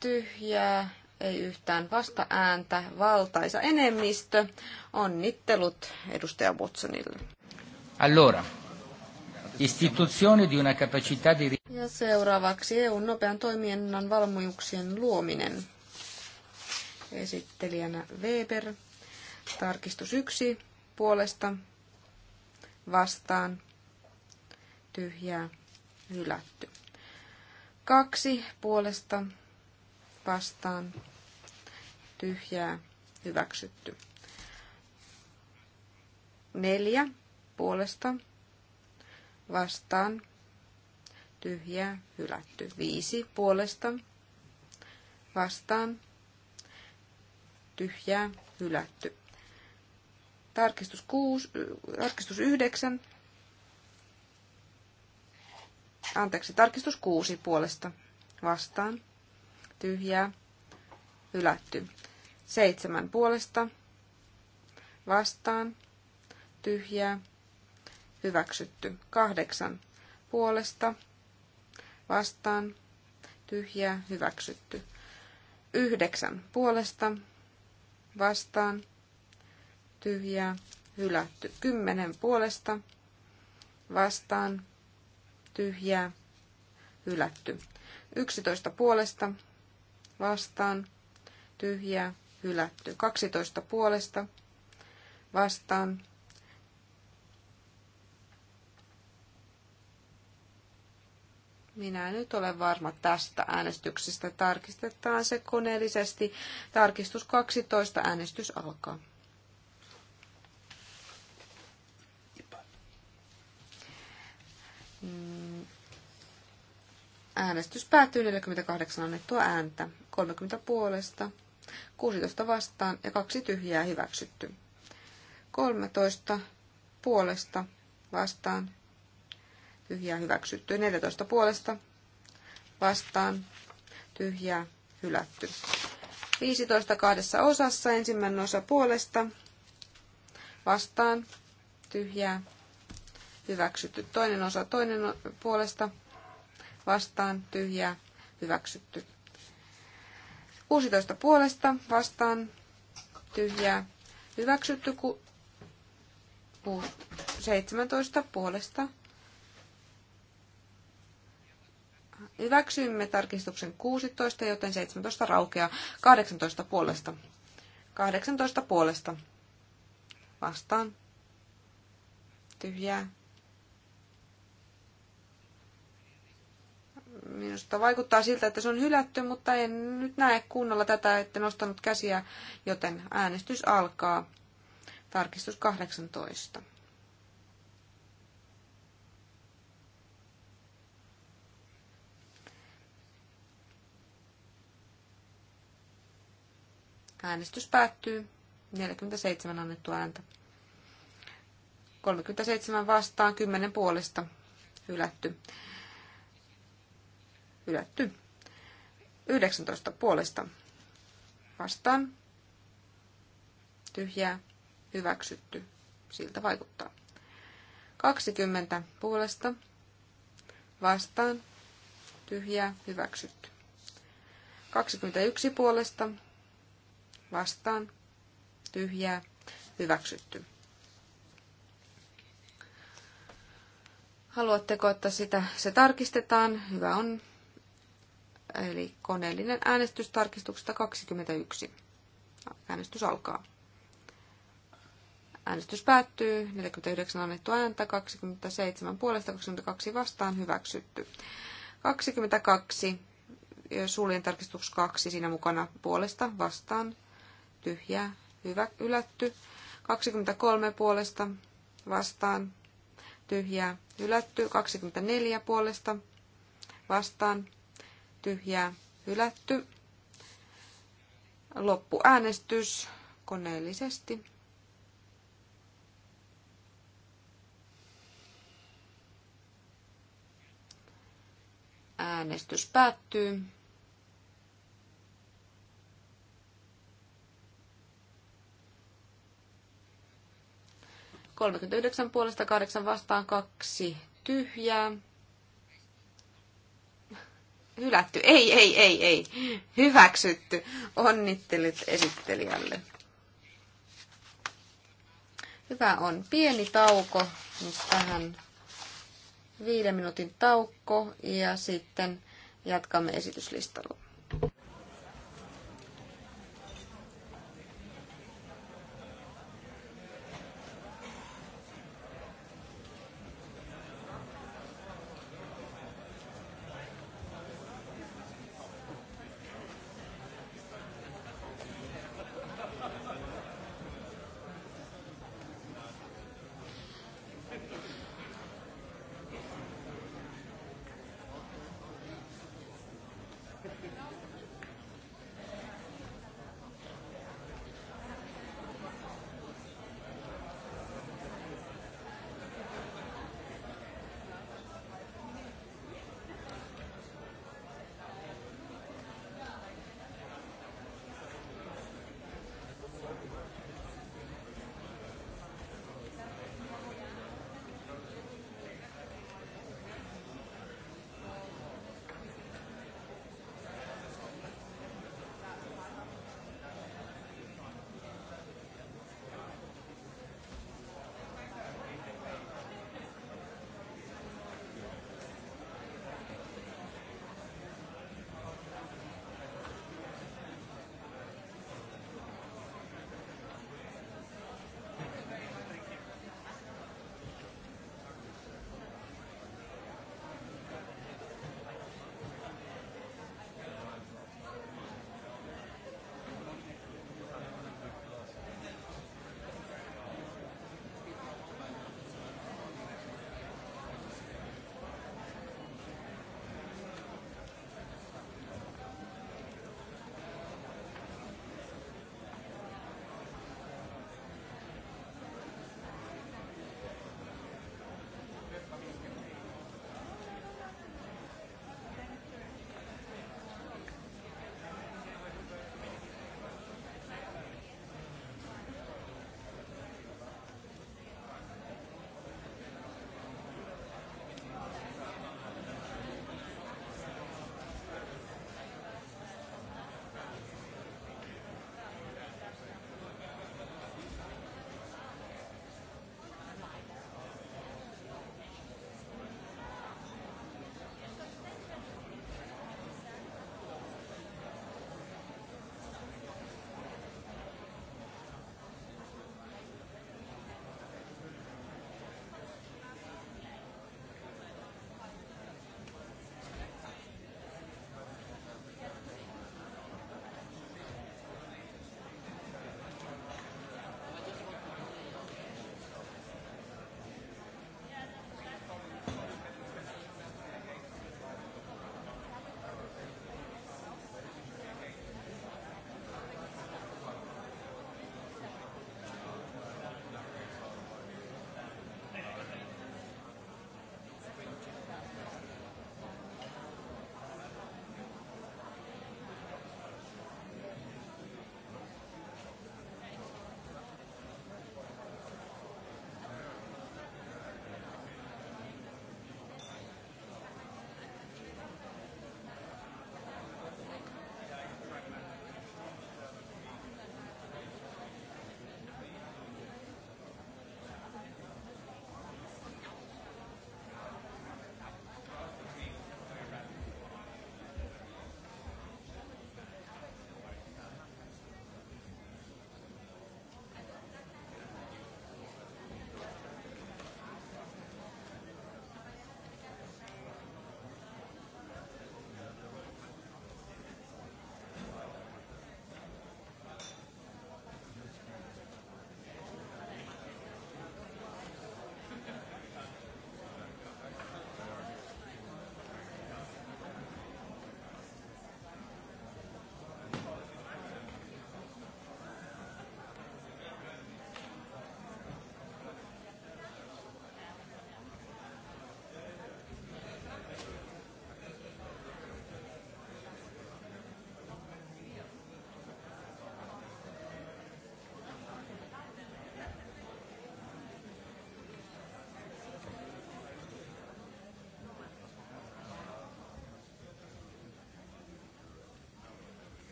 tyhjää, ei yhtään vasta ääntä, valtaisa enemmistö. Onnittelut edustaja Watsonille. Allora, istituzione di una capacità di... Ja seuraavaksi EUn nopean toiminnan valmiuksien luominen. Esittelijänä Weber. Tarkistus yksi puolesta vastaan tyhjää hylätty. Kaksi puolesta vastaan tyhjää hyväksytty. Neljä puolesta vastaan tyhjää hylätty. Viisi puolesta vastaan tyhjää hylätty. Tarkistus, kuusi, tarkistus yhdeksän Anteeksi, tarkistus kuusi puolesta vastaan. Tyhjää. Hylätty. Seitsemän puolesta vastaan. Tyhjää. Hyväksytty. Kahdeksan puolesta vastaan. Tyhjää. Hyväksytty. Yhdeksän puolesta vastaan. Tyhjää. Hylätty. Kymmenen puolesta vastaan tyhjää, hylätty. 11 puolesta vastaan, tyhjää, hylätty. 12 puolesta vastaan, Minä en nyt ole varma tästä äänestyksestä. Tarkistetaan se koneellisesti. Tarkistus 12. Äänestys alkaa. Äänestys päättyi 48 annettua ääntä, 30 puolesta, 16 vastaan ja kaksi tyhjää hyväksytty. 13 puolesta vastaan, tyhjää hyväksytty. 14 puolesta vastaan, tyhjää hylätty. 15 kahdessa osassa, ensimmäinen osa puolesta vastaan, tyhjää hyväksytty. Toinen osa toinen puolesta vastaan tyhjää hyväksytty. 16 puolesta vastaan tyhjää hyväksytty, ku, 17 puolesta Hyväksymme tarkistuksen 16, joten 17 raukeaa 18 puolesta. 18 puolesta vastaan tyhjää Minusta vaikuttaa siltä, että se on hylätty, mutta en nyt näe kunnolla tätä, että nostanut käsiä, joten äänestys alkaa. Tarkistus 18. Äänestys päättyy. 47 annettua ääntä. 37 vastaan, 10 puolesta hylätty. Hylätty. 19 puolesta vastaan. Tyhjää. Hyväksytty. Siltä vaikuttaa. 20 puolesta vastaan. Tyhjää. Hyväksytty. 21 puolesta vastaan. Tyhjää. Hyväksytty. Haluatteko, että sitä, se tarkistetaan? Hyvä on eli koneellinen äänestys tarkistuksesta 21. Äänestys alkaa. Äänestys päättyy. 49 annettu ääntä, 27 puolesta, 22 vastaan hyväksytty. 22 suljen tarkistus 2 siinä mukana puolesta vastaan tyhjä hyvä ylätty. 23 puolesta vastaan tyhjä ylätty. 24 puolesta vastaan tyhjää hylätty. Loppuäänestys koneellisesti. Äänestys päättyy. yhdeksän puolesta kahdeksan vastaan kaksi tyhjää hylätty. Ei, ei, ei, ei. Hyväksytty. Onnittelut esittelijälle. Hyvä on pieni tauko nyt tähän viiden minuutin tauko ja sitten jatkamme esityslistalla.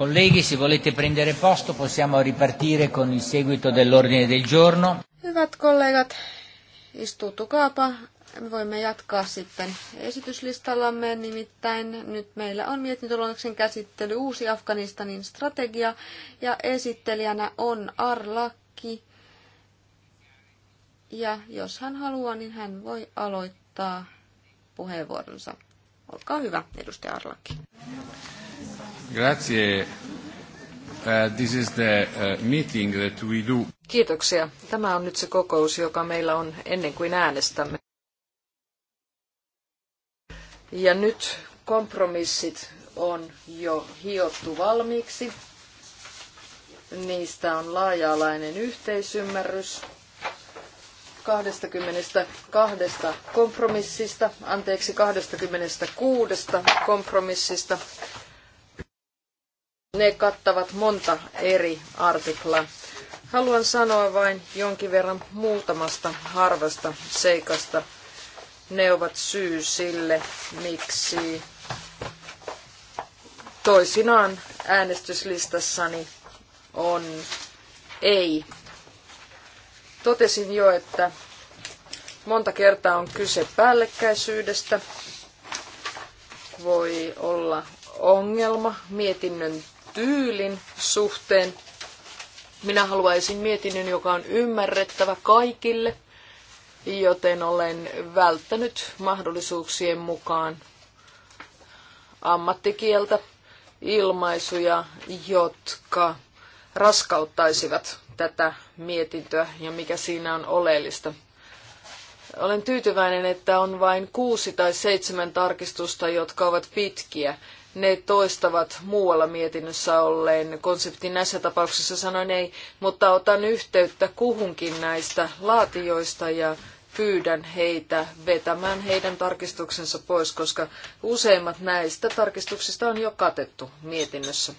Colleghi, se volete prendere posto possiamo ripartire con il seguito dell'ordine del giorno. Hyvät kollegat, istuutukaapa. Me voimme jatkaa sitten esityslistallamme, nimittäin nyt meillä on mietintöluonnoksen käsittely Uusi Afganistanin strategia ja esittelijänä on Arlakki. Ja jos hän haluaa, niin hän voi aloittaa puheenvuoronsa. Olkaa hyvä, edustaja Arlakki. Grazie. Uh, this is the uh, meeting that we do. Kiitoksia. Tämä on nyt se kokous, joka meillä on ennen kuin äänestämme. Ja nyt kompromissit on jo hiottu valmiiksi. Niistä on laaja-alainen yhteisymmärrys. 22 kompromissista, anteeksi 26 kompromissista ne kattavat monta eri artiklaa. Haluan sanoa vain jonkin verran muutamasta harvasta seikasta. Ne ovat syy sille, miksi toisinaan äänestyslistassani on ei. Totesin jo, että monta kertaa on kyse päällekkäisyydestä. Voi olla ongelma mietinnön tyylin suhteen. Minä haluaisin mietinnön, joka on ymmärrettävä kaikille, joten olen välttänyt mahdollisuuksien mukaan ammattikieltä ilmaisuja, jotka raskauttaisivat tätä mietintöä ja mikä siinä on oleellista. Olen tyytyväinen, että on vain kuusi tai seitsemän tarkistusta, jotka ovat pitkiä ne toistavat muualla mietinnössä olleen konseptin näissä tapauksissa sanoin ei, mutta otan yhteyttä kuhunkin näistä laatijoista ja pyydän heitä vetämään heidän tarkistuksensa pois, koska useimmat näistä tarkistuksista on jo katettu mietinnössä.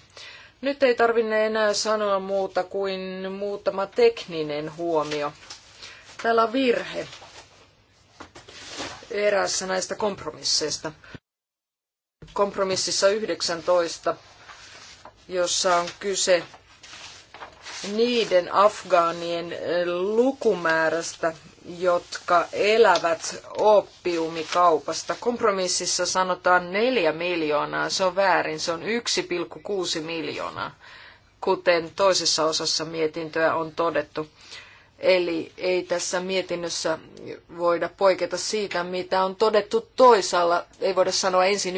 Nyt ei tarvinne enää sanoa muuta kuin muutama tekninen huomio. Täällä on virhe eräässä näistä kompromisseista kompromississa 19, jossa on kyse niiden afgaanien eh, lukumäärästä, jotka elävät oppiumikaupasta. Kompromississa sanotaan 4 miljoonaa, se on väärin, se on 1,6 miljoonaa, kuten toisessa osassa mietintöä on todettu. Eli ei tässä mietinnössä voida poiketa siitä, mitä on todettu toisaalla. Ei voida sanoa ensin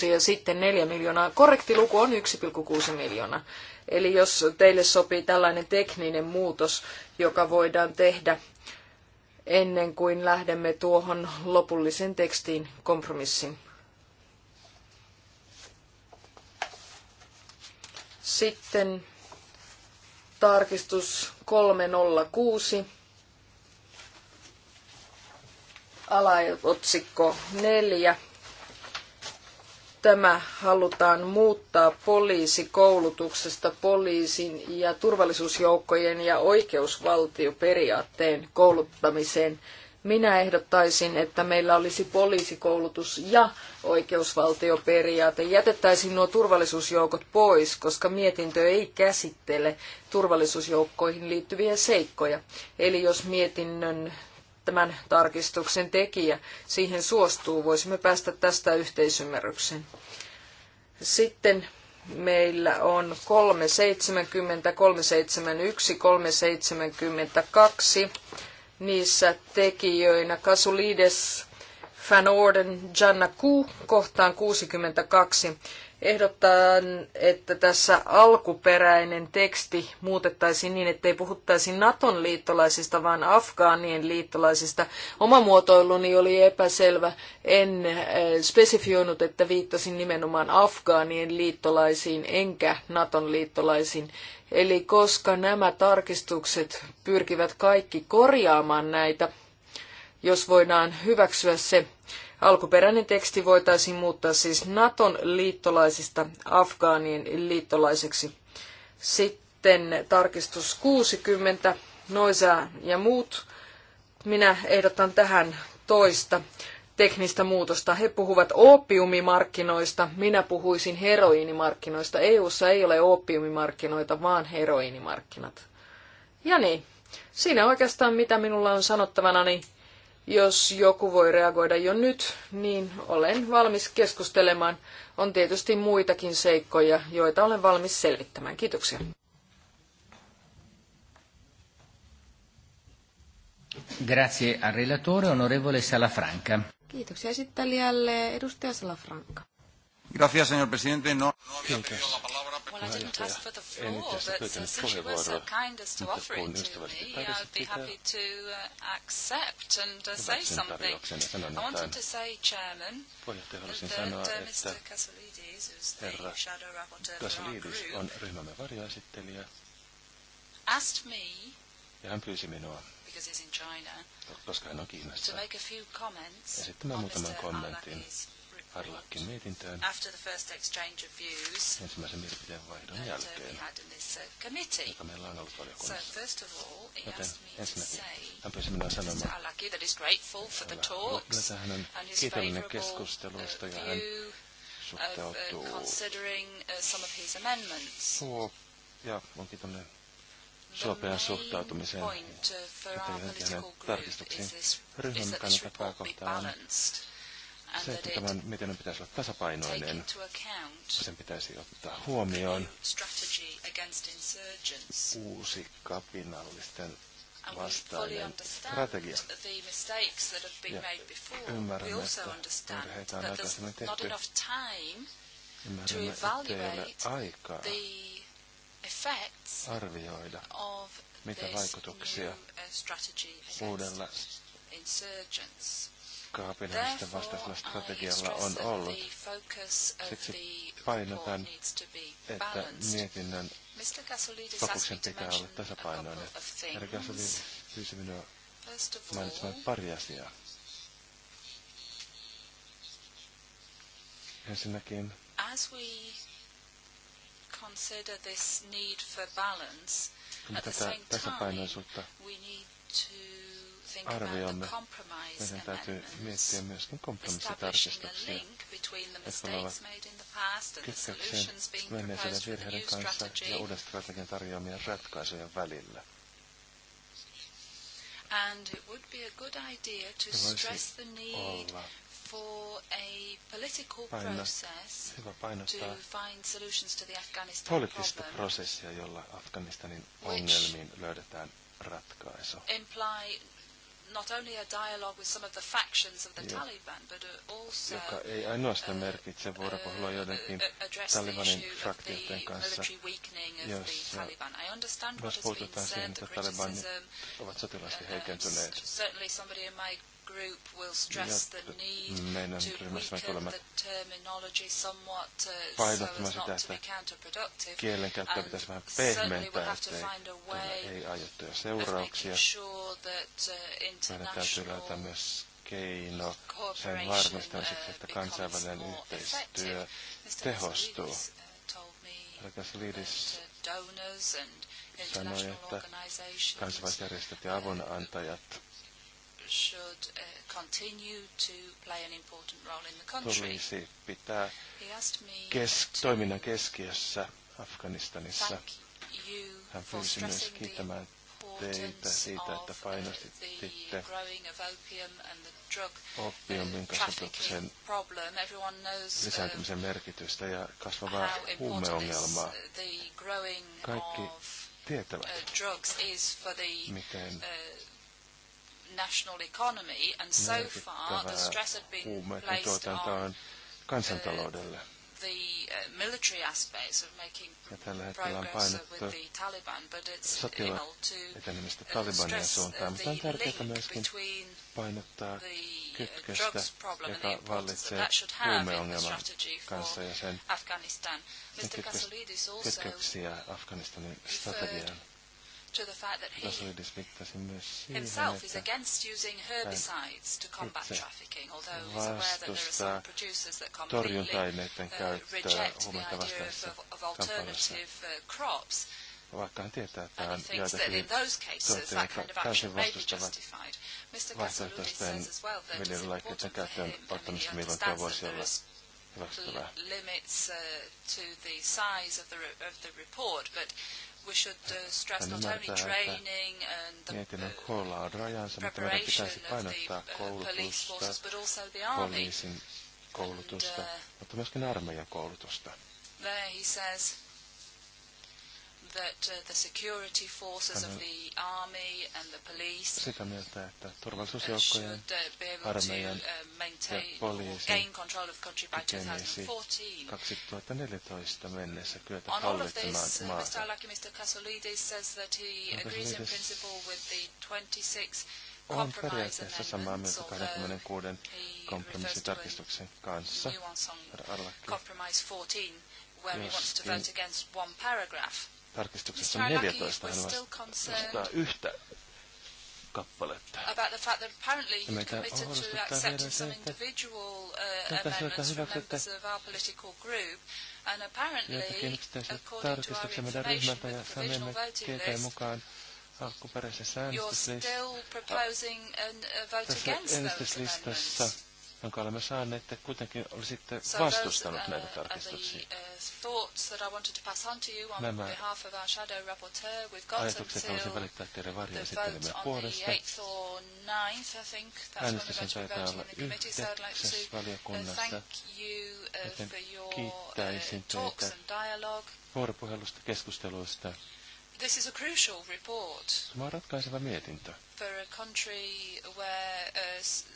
1,6 ja sitten 4 miljoonaa. Korrekti luku on 1,6 miljoonaa. Eli jos teille sopii tällainen tekninen muutos, joka voidaan tehdä ennen kuin lähdemme tuohon lopulliseen tekstiin kompromissiin, Sitten tarkistus 306. Alaotsikko 4. Tämä halutaan muuttaa poliisikoulutuksesta poliisin ja turvallisuusjoukkojen ja oikeusvaltioperiaatteen kouluttamiseen minä ehdottaisin, että meillä olisi poliisikoulutus ja oikeusvaltioperiaate. Jätettäisiin nuo turvallisuusjoukot pois, koska mietintö ei käsittele turvallisuusjoukkoihin liittyviä seikkoja. Eli jos mietinnön tämän tarkistuksen tekijä siihen suostuu, voisimme päästä tästä yhteisymmärrykseen. Sitten meillä on 370, 371, 372 niissä tekijöinä Kasulides, Van Orden, Janna Ku kohtaan 62 ehdotan, että tässä alkuperäinen teksti muutettaisiin niin, ettei puhuttaisi Naton liittolaisista, vaan Afgaanien liittolaisista. Oma muotoiluni oli epäselvä. En äh, spesifioinut, että viittasin nimenomaan Afgaanien liittolaisiin enkä Naton liittolaisiin. Eli koska nämä tarkistukset pyrkivät kaikki korjaamaan näitä, jos voidaan hyväksyä se, Alkuperäinen teksti voitaisiin muuttaa siis Naton liittolaisista Afgaanien liittolaiseksi. Sitten tarkistus 60, Noisa ja muut. Minä ehdotan tähän toista teknistä muutosta. He puhuvat oopiumimarkkinoista. minä puhuisin heroiinimarkkinoista. EU:ssa ei ole oopiumimarkkinoita, vaan heroiinimarkkinat. Ja niin, siinä oikeastaan mitä minulla on sanottavana, niin jos joku voi reagoida jo nyt, niin olen valmis keskustelemaan. On tietysti muitakin seikkoja, joita olen valmis selvittämään. Kiitoksia. Grazie al relatore, onorevole Salafranca. Kiitoksia esittelijälle, edustaja Salafranca. Gracias, señor presidente. No, no había Kiitos. pedido la palabra puheenjohtaja. En itse asiassa pyytänyt puheenvuoroa, mutta kun ystävällisesti tarjosit pitää hyväksyn tarjouksen ja sanon jotain. Puheenjohtaja halusin uh, sanoa, että herra Kasolidis on ryhmämme varjoesittelijä. Ja hän pyysi minua koska hän on Kiinassa. Esittämään muutaman kommentin Arlakin mietintöön ensimmäisen mielipiteen vaihdon jälkeen, uh, joka meillä on ollut valiokunnassa. Joten ensinnäkin hän pyysi minua sanomaan, että hän on kiitollinen uh, keskustelusta ja hän suhtautuu uh, Suo, ja onkin tämmöinen suopean suhtautumiseen, että hänen tarkistuksiin ryhmän kannalta pääkohta on se, että tämän mietinnön pitäisi olla tasapainoinen, sen pitäisi ottaa huomioon uusi kapinallisten vastainen strategia. Ja ymmärrämme, että virheitä on aikaisemmin tehty. Ymmärrämme, ei ole aikaa arvioida, mitä vaikutuksia uh, uudella Kööpenhaminan vastaisella strategialla on ollut. Siksi painotan, että mietinnän fokuksen pitää olla tasapainoinen. Herra Gasolin pyysi minua mainitsemaan pari asiaa. Ensinnäkin, as we consider this need for balance, at the same we need to arvioimme. meidän täytyy miettiä myöskin kompromissitarkistuksia, me ovat kytköksen menneisyyden virheiden kanssa ja uuden strategian tarjoamien ratkaisujen välillä. And it would be a good idea to stress the need for a political process to find solutions to the Afghanistan poliittista prosessia, jolla Afganistanin ongelmiin löydetään ratkaisu. Imply not only a dialogue with some of the factions of the jo, Taliban, but also, joka ei ainoastaan uh, merkitse vuoropuhelua uh, joidenkin uh, Talibanin fraktioiden kanssa, jossa myös puututaan siihen, että Taliban ovat sotilaasti heikentyneet ja meidän ryhmässämme tulemme uh, painottamaan sitä, että kielenkäyttöä pitäisi vähän pehmentää, ettei tule ei aiottuja seurauksia. Uh, meidän täytyy löytää myös keino sen varmistamiseksi, että uh, kansainvälinen yhteistyö tehostuu. Rakas Rakaslidis sanoi, että kansalaisjärjestöt ja avunantajat should uh, continue to play an important role in the country. Tulisi pitää kes- toiminnan keskiössä Afganistanissa. Hän pyysi myös kiittämään teitä siitä, että painostitte opiumin uh, kasvatuksen uh, lisääntymisen merkitystä ja kasvavaa huumeongelmaa. Kaikki tietävät, miten national economy, and so far the stress had been placed on kansantaloudelle. Uh, the uh, military aspects of making progress with the Taliban, but it's able to uh, stress the link between the drugs problem and the importance that that should have in the strategy for Afghanistan. Mr. Kasalidis also referred to the fact that he himself is against using herbicides to combat trafficking, although he's aware that there are some producers that completely uh, reject the idea of, of alternative uh, crops. Vaikka hän tietää, että hän joitakin tuotteita, jotka täysin vastustavat vaihtoehtoisten viljelylääkkeiden käyttöön ottamista, milloin tämä voisi olla hyväksyttävää. Limits uh, hän ymmärtää, että mietinnön koolla on rajansa, mutta meidän pitäisi painottaa uh, koulutusta, poliisin koulutusta, uh, mutta myöskin armeijan koulutusta. There he says, that uh, the security forces of the army and the police sitä mieltä, että turvallisuusjoukkojen uh, uh, armeijan ja poliisin by 2014 mennessä kyetä hallitsemaan maata. Mr. Mr. Kasolidis says that he agrees in principle with the 26 on periaatteessa samaa mieltä 26 kompromissitarkistuksen kanssa. 14, where he wants to vote against one paragraph tarkistuksessa 14 hän vastaa yhtä kappaletta. Ja meitä on huolestuttaa vielä se, että uh, tätä syötä hyväksyttä joitakin yksittäisiä tarkistuksia meidän ryhmältä ja saamme tietojen mukaan alkuperäisessä äänestyslistassa jonka olemme saaneet, että kuitenkin olisitte uh, vastustanut näitä tarkistuksia. Uh, Nämä ajatukset haluaisin välittää teidän varjoesittelymme puolesta. Äänestyksen taitaa olla uh, yhdeksäs valiokunnassa, joten kiittäisin teitä vuoropuhelusta, keskusteluista. This is a crucial report. Tämä on ratkaiseva mietintö. For a country where uh,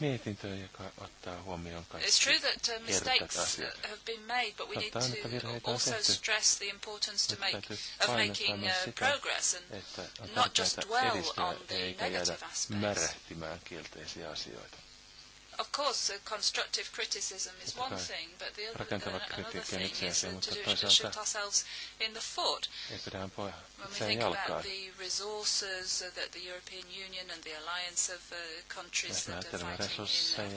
mietintö, joka ottaa huomioon kaikki It's true that uh, mistakes have been made, but we need on, to also tehty. stress the importance to make, of making uh, sitä, progress and not just dwell on the negative aspects. märehtimään kielteisiä asioita. Rakentava kritiikki on yksi asia, mutta toisaalta ei pidä ampua itseään jalkaan. Uh, uh, Jos me ajattelemme uh, resursseja ja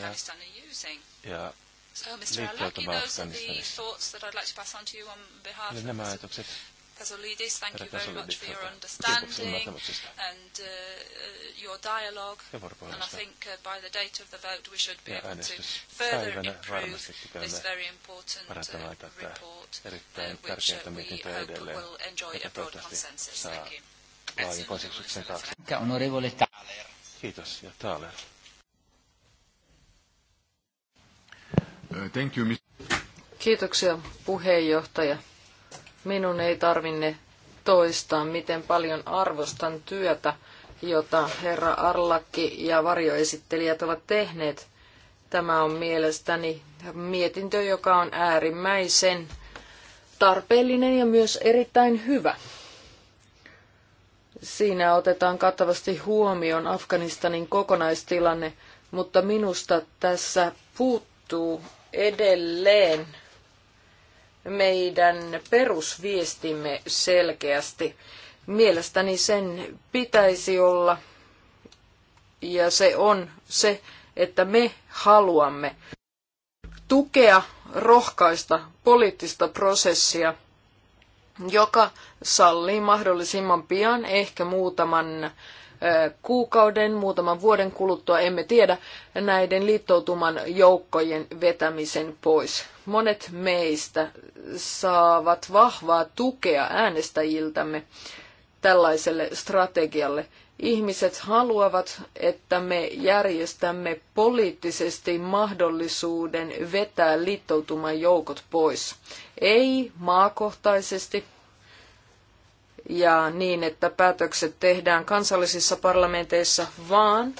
liittoutumaan Afganistanissa. Eli nämä ajatukset Kazolidis, thank you very much for your understanding and uh, uh, your dialogue. And I think uh, by the date of the vote we should be able to further improve this very important uh, report, uh, which uh, we hope will enjoy a broad consensus. Thank you. Onorevole Thaler. Kiitos ja Thaler. Kiitoksia puheenjohtaja. Minun ei tarvinne toistaa, miten paljon arvostan työtä, jota herra Arlakki ja varjoesittelijät ovat tehneet. Tämä on mielestäni mietintö, joka on äärimmäisen tarpeellinen ja myös erittäin hyvä. Siinä otetaan kattavasti huomioon Afganistanin kokonaistilanne, mutta minusta tässä puuttuu edelleen meidän perusviestimme selkeästi. Mielestäni sen pitäisi olla, ja se on se, että me haluamme tukea, rohkaista poliittista prosessia, joka sallii mahdollisimman pian, ehkä muutaman kuukauden, muutaman vuoden kuluttua, emme tiedä, näiden liittoutuman joukkojen vetämisen pois. Monet meistä saavat vahvaa tukea äänestäjiltämme tällaiselle strategialle. Ihmiset haluavat, että me järjestämme poliittisesti mahdollisuuden vetää liittoutuman joukot pois. Ei maakohtaisesti, ja niin, että päätökset tehdään kansallisissa parlamenteissa, vaan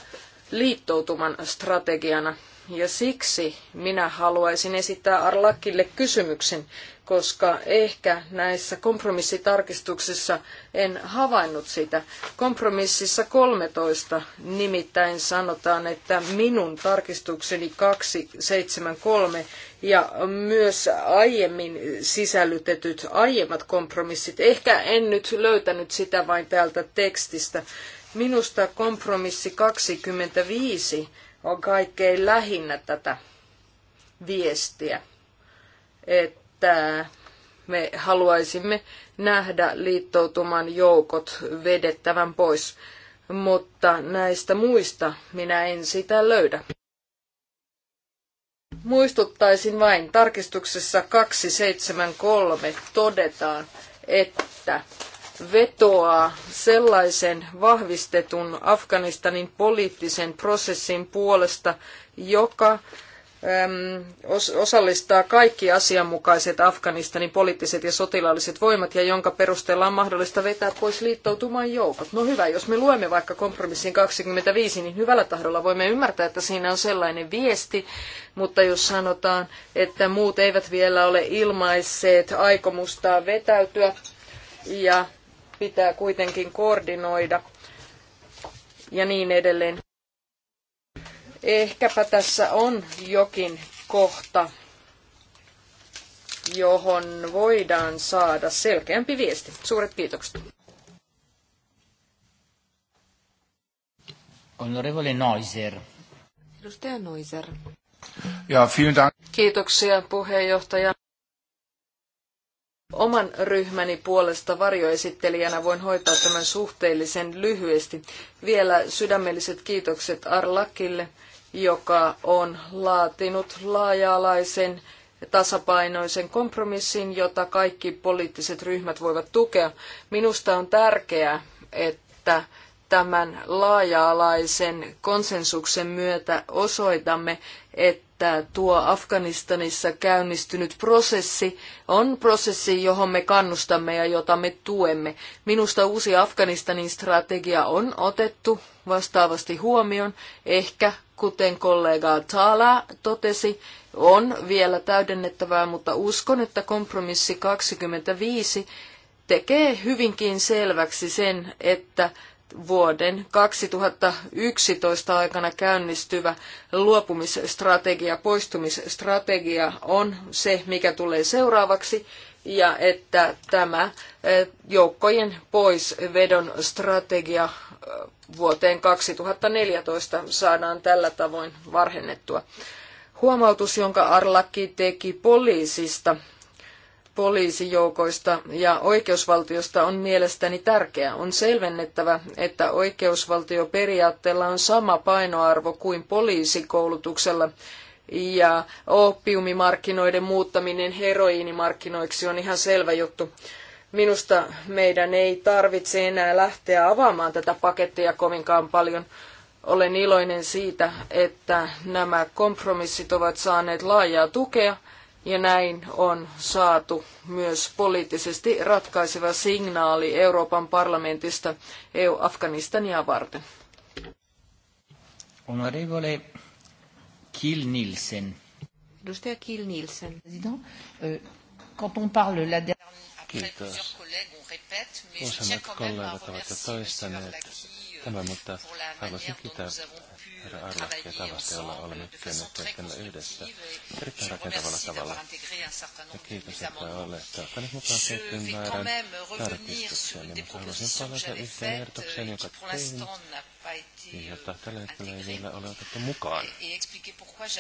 liittoutuman strategiana ja siksi minä haluaisin esittää Arlakille kysymyksen, koska ehkä näissä kompromissitarkistuksissa en havainnut sitä. Kompromississa 13 nimittäin sanotaan, että minun tarkistukseni 273 ja myös aiemmin sisällytetyt aiemmat kompromissit. Ehkä en nyt löytänyt sitä vain täältä tekstistä. Minusta kompromissi 25 on kaikkein lähinnä tätä viestiä, että me haluaisimme nähdä liittoutuman joukot vedettävän pois, mutta näistä muista minä en sitä löydä. Muistuttaisin vain, tarkistuksessa 273 todetaan, että vetoaa sellaisen vahvistetun Afganistanin poliittisen prosessin puolesta, joka osallistaa kaikki asianmukaiset Afganistanin poliittiset ja sotilaalliset voimat ja jonka perusteella on mahdollista vetää pois liittoutumaan joukot. No hyvä, jos me luemme vaikka kompromissin 25, niin hyvällä tahdolla voimme ymmärtää, että siinä on sellainen viesti, mutta jos sanotaan, että muut eivät vielä ole ilmaisseet aikomustaan vetäytyä ja pitää kuitenkin koordinoida ja niin edelleen. Ehkäpä tässä on jokin kohta, johon voidaan saada selkeämpi viesti. Suuret kiitokset. Onorevole Noiser. Edustaja Noiser. Ja, vielen Dank. Kiitoksia puheenjohtaja. Oman ryhmäni puolesta varjoesittelijänä voin hoitaa tämän suhteellisen lyhyesti. Vielä sydämelliset kiitokset Arlakille, joka on laatinut laaja-alaisen tasapainoisen kompromissin, jota kaikki poliittiset ryhmät voivat tukea. Minusta on tärkeää, että tämän laaja-alaisen konsensuksen myötä osoitamme, että että tuo Afganistanissa käynnistynyt prosessi on prosessi, johon me kannustamme ja jota me tuemme. Minusta uusi Afganistanin strategia on otettu vastaavasti huomioon. Ehkä, kuten kollega Tala totesi, on vielä täydennettävää, mutta uskon, että kompromissi 25 tekee hyvinkin selväksi sen, että vuoden 2011 aikana käynnistyvä luopumisstrategia, poistumisstrategia on se, mikä tulee seuraavaksi, ja että tämä eh, joukkojen poisvedon strategia eh, vuoteen 2014 saadaan tällä tavoin varhennettua. Huomautus, jonka Arlaki teki poliisista, poliisijoukoista ja oikeusvaltiosta on mielestäni tärkeä. On selvennettävä, että oikeusvaltioperiaatteella on sama painoarvo kuin poliisikoulutuksella ja oppiumimarkkinoiden muuttaminen heroiinimarkkinoiksi on ihan selvä juttu. Minusta meidän ei tarvitse enää lähteä avaamaan tätä pakettia kovinkaan paljon. Olen iloinen siitä, että nämä kompromissit ovat saaneet laajaa tukea – ja näin on saatu myös poliittisesti ratkaiseva signaali Euroopan parlamentista EU-Afganistania varten. Honorevole Kill Nielsen. Edustaja Kill Nielsen. Euh, quand on parle la Kiitos. kollegat ovat jo toistaneet tämän, mutta haluaisin kiittää herra Arlakki ja tavasti olla olemme kyenneet työskennellä yhdessä erittäin rakentavalla tavalla. Ja kiitos, että olette ottaneet mukaan tietyn määrän tarkistuksia, Ja niin minä haluaisin palata yhteen ehdotukseen, jonka tein, niin, jota tällä hetkellä ei vielä ole otettu mukaan.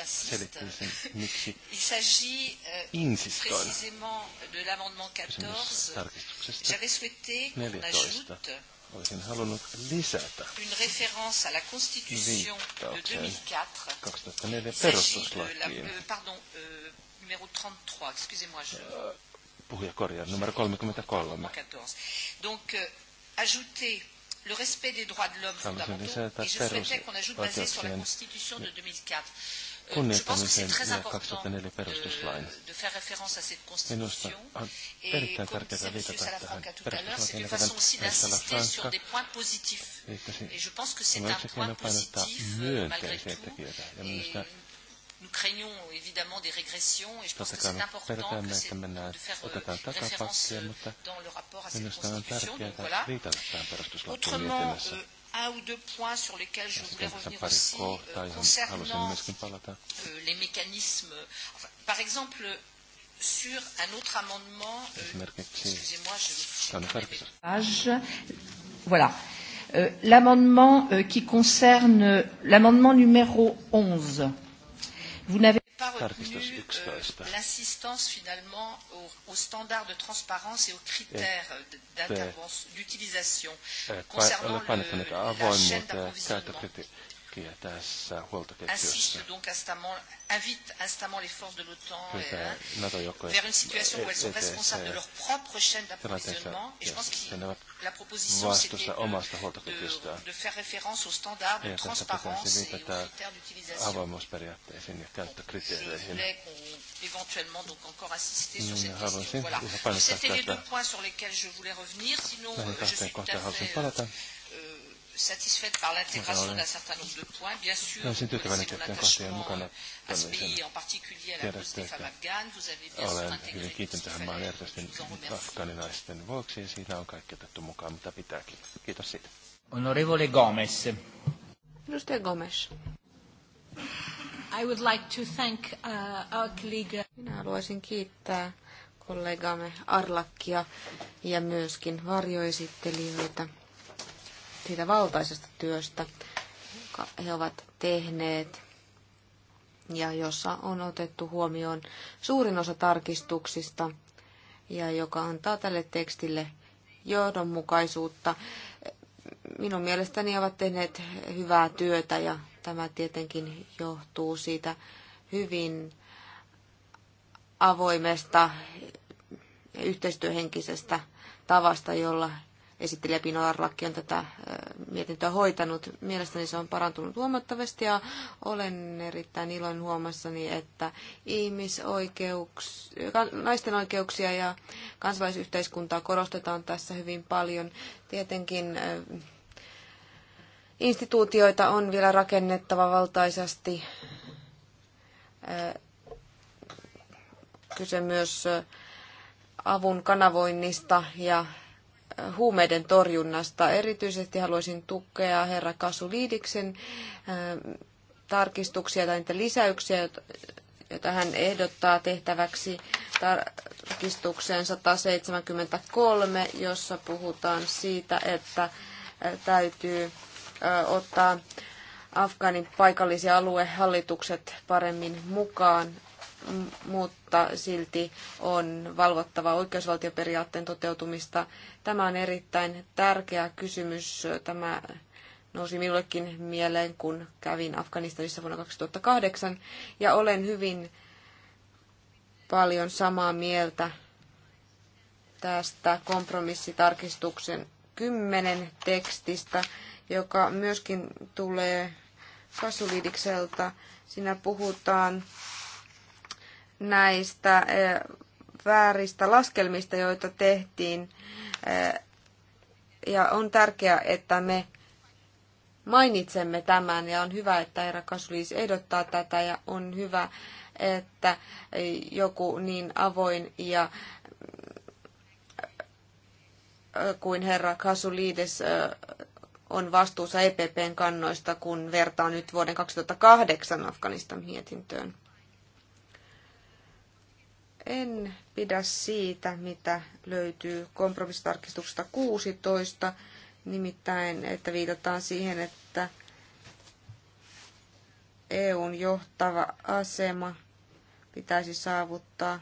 Selittäisin, miksi euh, insistoin. Kysymys tarkistuksesta 14 olisin halunnut lisätä une référence à la Constitution de 2004, 2004 perustuslakiin. La, euh, pardon, euh, numéro 33, excusez-moi, je... Äh, puhuja korjaa, numero 33. Donc, euh, ajouter le respect des droits de l'homme fondamentaux, et je souhaitais qu'on ajoute basé sur la Constitution de 2004 kunnioittamisen ja 2004 perustuslain. Minusta on erittäin tärkeää viitata tähän perustuslakiin, kuten Estella Franska viittasi. että yksi keino painottaa euh, myönteisiä tekijöitä. Ja minusta Nous craignons évidemment des régressions et je pense que c'est important que c'est de faire euh, référence euh, dans le rapport à cette constitution. Donc voilà. Autrement, euh, un ou deux points sur lesquels je voulais revenir aussi euh, ah, concernant euh, les mécanismes. Euh, enfin, par exemple, sur un autre amendement, euh, excusez-moi, je, je Voilà. Euh, l'amendement euh, qui concerne euh, l'amendement numéro 11. Vous n'avez Tarkistus 11. Euh, l'assistance finalement au standard de transparence et aux critères d'utilisation euh, concernant la chaîne d'approvisionnement tässä huoltoketjussa. invite instamment les forces de l'OTAN vers une situation où elles sont responsables de leur propre chaîne d'approvisionnement. Et je pense qu'ils vastuussa omasta huoltoketjustaan. Ja tässä pitäisi viitata avoimuusperiaatteisiin ja käyttökriteereihin. éventuellement donc encore insister sur mm, cette question. Voilà. C'était les deux points sur lesquels je voulais revenir, sinon euh, je suis tout à fait... Euh, satisfaite par l'intégration d'un certain nombre de points. Bien sûr, vous connaissez mon attachement à ce pays, en particulier à la cause des femmes afghanes. Vous avez bien sûr intégré tout ce qu'il fallait. Je vous en remercie. vuoksi, ja siitä on kaikki otettu mukaan, mitä pitääkin. Kiitos siitä. Onorevole Gomes. Edustaja Gomes. I would like to thank uh, our colleague. Minä haluaisin kiittää kollegamme Arlakkia ja myöskin varjoesittelijöitä siitä valtaisesta työstä, jonka he ovat tehneet ja jossa on otettu huomioon suurin osa tarkistuksista ja joka antaa tälle tekstille johdonmukaisuutta. Minun mielestäni ovat tehneet hyvää työtä ja tämä tietenkin johtuu siitä hyvin avoimesta ja yhteistyöhenkisestä tavasta, jolla esittelijä Pino Arlakki on tätä mietintöä hoitanut. Mielestäni se on parantunut huomattavasti ja olen erittäin iloinen huomassani, että ihmisoikeuksia naisten oikeuksia ja kansalaisyhteiskuntaa korostetaan tässä hyvin paljon. Tietenkin instituutioita on vielä rakennettava valtaisasti. Kyse myös avun kanavoinnista ja huumeiden torjunnasta. Erityisesti haluaisin tukea herra Kasu Liidiksen tarkistuksia tai niitä lisäyksiä, joita hän ehdottaa tehtäväksi tarkistukseen 173, jossa puhutaan siitä, että täytyy ottaa Afganin paikallisia aluehallitukset paremmin mukaan mutta silti on valvottava oikeusvaltioperiaatteen toteutumista. Tämä on erittäin tärkeä kysymys. Tämä nousi minullekin mieleen, kun kävin Afganistanissa vuonna 2008, ja olen hyvin paljon samaa mieltä tästä kompromissitarkistuksen kymmenen tekstistä, joka myöskin tulee Kasulidikselta. Siinä puhutaan näistä eh, vääristä laskelmista, joita tehtiin. Eh, ja on tärkeää, että me mainitsemme tämän ja on hyvä, että Eera Kasulis ehdottaa tätä ja on hyvä, että joku niin avoin ja eh, kuin herra Kasulides on vastuussa EPPn kannoista, kun vertaa nyt vuoden 2008 Afganistan mietintöön en pidä siitä, mitä löytyy kompromissitarkistuksesta 16, nimittäin, että viitataan siihen, että EUn johtava asema pitäisi saavuttaa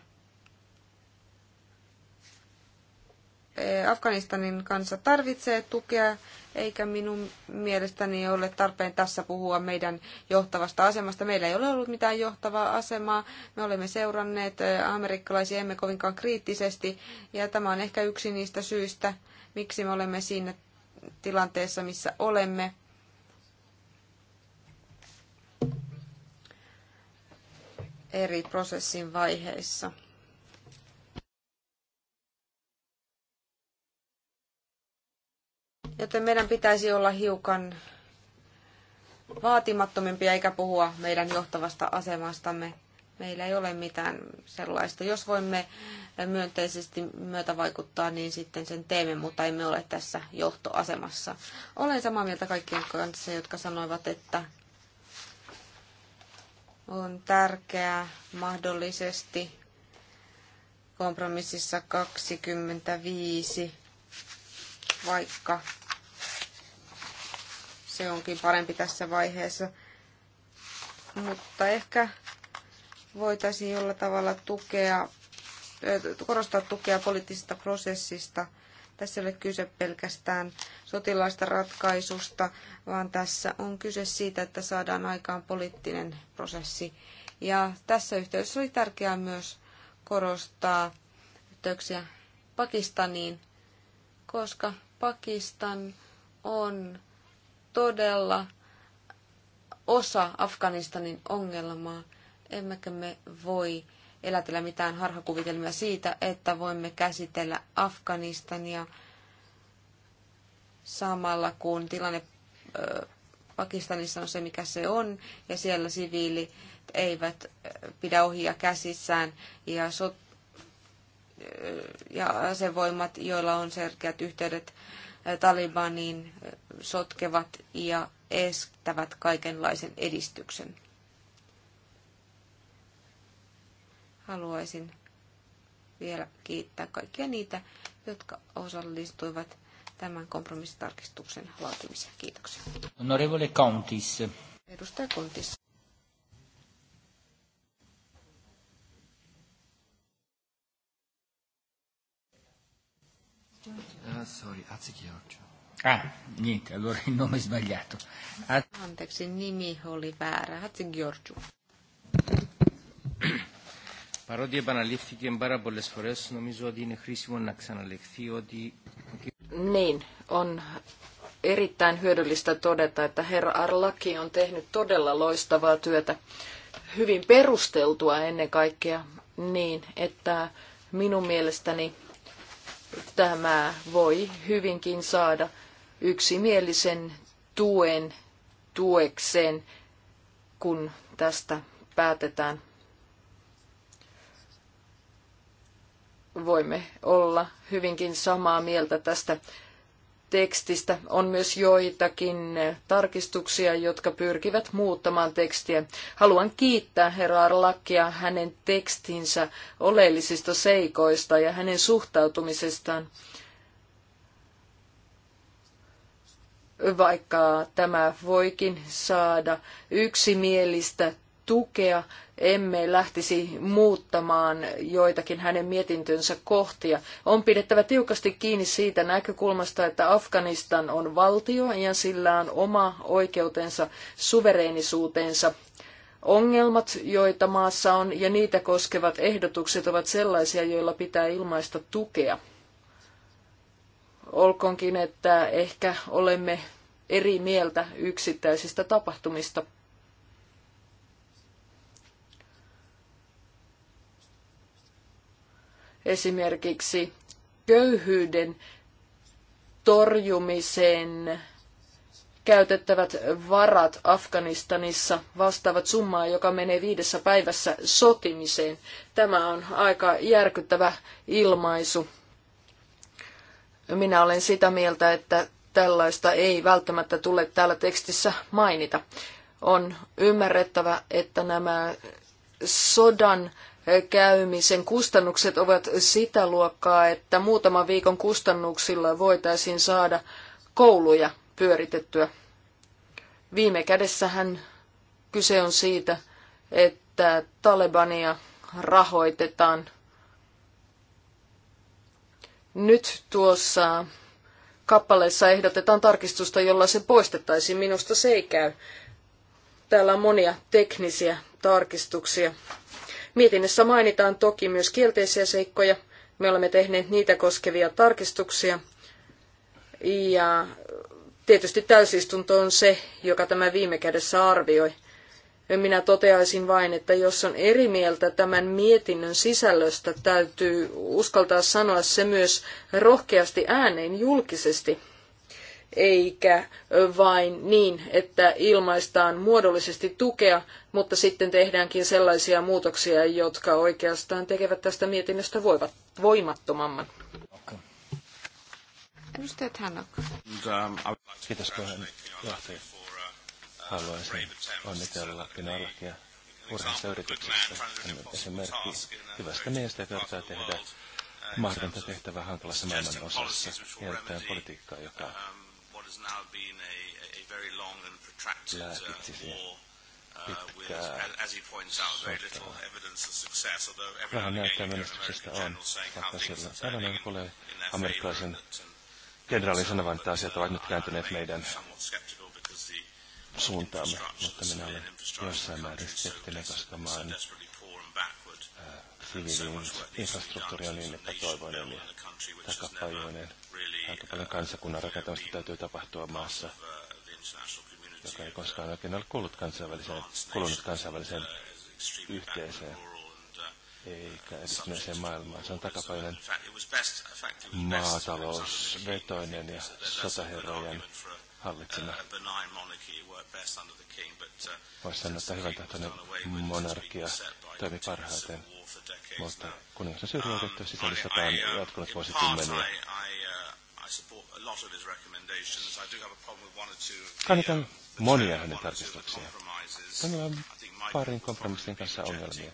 Afganistanin kanssa tarvitsee tukea eikä minun mielestäni ole tarpeen tässä puhua meidän johtavasta asemasta. Meillä ei ole ollut mitään johtavaa asemaa. Me olemme seuranneet amerikkalaisia emme kovinkaan kriittisesti, ja tämä on ehkä yksi niistä syistä, miksi me olemme siinä tilanteessa, missä olemme. eri prosessin vaiheissa. Joten meidän pitäisi olla hiukan vaatimattomimpia eikä puhua meidän johtavasta asemastamme. Meillä ei ole mitään sellaista. Jos voimme myönteisesti vaikuttaa, niin sitten sen teemme, mutta emme ole tässä johtoasemassa. Olen samaa mieltä kaikkien kanssa, jotka sanoivat, että on tärkeää mahdollisesti kompromississa 25, vaikka se onkin parempi tässä vaiheessa. Mutta ehkä voitaisiin jollain tavalla tukea, korostaa tukea poliittisesta prosessista. Tässä ei ole kyse pelkästään sotilaista ratkaisusta, vaan tässä on kyse siitä, että saadaan aikaan poliittinen prosessi. Ja tässä yhteydessä oli tärkeää myös korostaa yhteyksiä Pakistaniin, koska Pakistan on todella osa Afganistanin ongelmaa, emmekä me voi elätellä mitään harhakuvitelmia siitä, että voimme käsitellä Afganistania samalla kun tilanne Pakistanissa on se, mikä se on, ja siellä siviilit eivät pidä ohia käsissään, ja, so- ja asevoimat, joilla on selkeät yhteydet Talibanin sotkevat ja estävät kaikenlaisen edistyksen. Haluaisin vielä kiittää kaikkia niitä, jotka osallistuivat tämän kompromissitarkistuksen laatimiseen. Kiitoksia. Honorevole Countis. Edustaja Kontis. Uh, sorry, Azzichiorgio. Ah, niente, allora il nome è sbagliato. Az... Anteeksi, nimi oli väärä. Hatzigiorgiou. Παρότι επαναλήφθηκε πάρα πολλές φορές, νομίζω ότι είναι χρήσιμο να ξαναλεχθεί ότι... Niin, on erittäin hyödyllistä todeta, että herra Arlaki on tehnyt todella loistavaa työtä, hyvin perusteltua ennen kaikkea, niin että minun mielestäni tämä voi hyvinkin saada yksimielisen tuen tuekseen, kun tästä päätetään. Voimme olla hyvinkin samaa mieltä tästä tekstistä on myös joitakin tarkistuksia, jotka pyrkivät muuttamaan tekstiä. Haluan kiittää herra Arlakia hänen tekstinsä oleellisista seikoista ja hänen suhtautumisestaan. Vaikka tämä voikin saada yksimielistä tukea, emme lähtisi muuttamaan joitakin hänen mietintönsä kohtia. On pidettävä tiukasti kiinni siitä näkökulmasta, että Afganistan on valtio ja sillä on oma oikeutensa suvereenisuuteensa Ongelmat, joita maassa on, ja niitä koskevat ehdotukset ovat sellaisia, joilla pitää ilmaista tukea. Olkoonkin, että ehkä olemme eri mieltä yksittäisistä tapahtumista. esimerkiksi köyhyyden torjumiseen käytettävät varat Afganistanissa vastaavat summaa, joka menee viidessä päivässä sotimiseen. Tämä on aika järkyttävä ilmaisu. Minä olen sitä mieltä, että tällaista ei välttämättä tule täällä tekstissä mainita. On ymmärrettävä, että nämä sodan käymisen kustannukset ovat sitä luokkaa, että muutaman viikon kustannuksilla voitaisiin saada kouluja pyöritettyä. Viime kädessähän kyse on siitä, että Talebania rahoitetaan. Nyt tuossa kappaleessa ehdotetaan tarkistusta, jolla se poistettaisiin. Minusta se ei käy. Täällä on monia teknisiä tarkistuksia. Mietinnössä mainitaan toki myös kielteisiä seikkoja. Me olemme tehneet niitä koskevia tarkistuksia. Ja tietysti täysistunto on se, joka tämä viime kädessä arvioi. Minä toteaisin vain, että jos on eri mieltä tämän mietinnön sisällöstä, täytyy uskaltaa sanoa se myös rohkeasti ääneen julkisesti eikä vain niin, että ilmaistaan muodollisesti tukea, mutta sitten tehdäänkin sellaisia muutoksia, jotka oikeastaan tekevät tästä mietinnöstä voivat, voimattomamman. Edustaja Tanok. Kiitos puheenjohtaja. Haluaisin onnitella Pinallakia urheista yrityksestä. Hän on esimerkki hyvästä miestä, joka yrittää tehdä mahdotonta tehtävää hankalassa maailman osassa. Hienottajan politiikkaa, joka has now been a, a very long and protracted uh, war uh, with, uh, as, as he points out, very little evidence of success, although every now and no again you hear American saying how things are turning in, their favor. And, sanovan, niin, että asiat ovat nyt kääntyneet meidän suuntaamme, mutta minä olen jossain määrin skeptinen, koska maan siviiliin infrastruktuuri on niin epätoivoinen ja takapajoinen. Aika paljon kansakunnan rakentamista täytyy tapahtua maassa, joka ei koskaan oikein ole kuulunut kansainväliseen, kulunut kansainväliseen yhteiseen eikä edistyneeseen maailmaan. Se on takapäinen maatalousvetoinen ja sotaherrojen hallitsema. Voisi sanoa, että hyvän tahtoinen monarkia toimi parhaiten, mutta kuningas on syrjäytetty sisällissotaan jatkunut vuosikymmeniä. Kannatan uh, monia hänen tarkistuksia. Minulla on parin kompromissin kanssa ongelmia.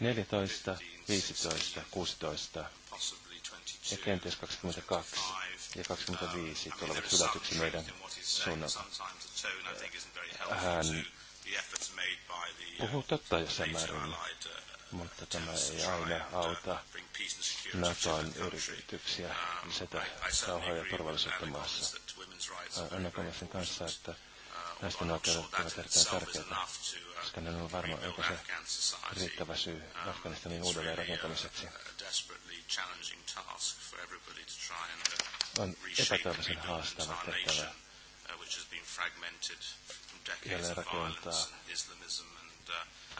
14, 15, 16 ja kenties 22 ja 25 um, tulevat hylätyksi meidän suunnalta. Hän uh, puhuu totta jossain määrin mutta tämä ei aina auta NATOn yrityksiä sitä kauhaa ja turvallisuutta maassa. Anna sen kanssa, että naisten oikeudet ovat erittäin tärkeitä, koska ne ole varma, onko se riittävä syy Afganistanin uudelleen rakentamiseksi. On epätoivoisen haastava tehtävä jälleen rakentaa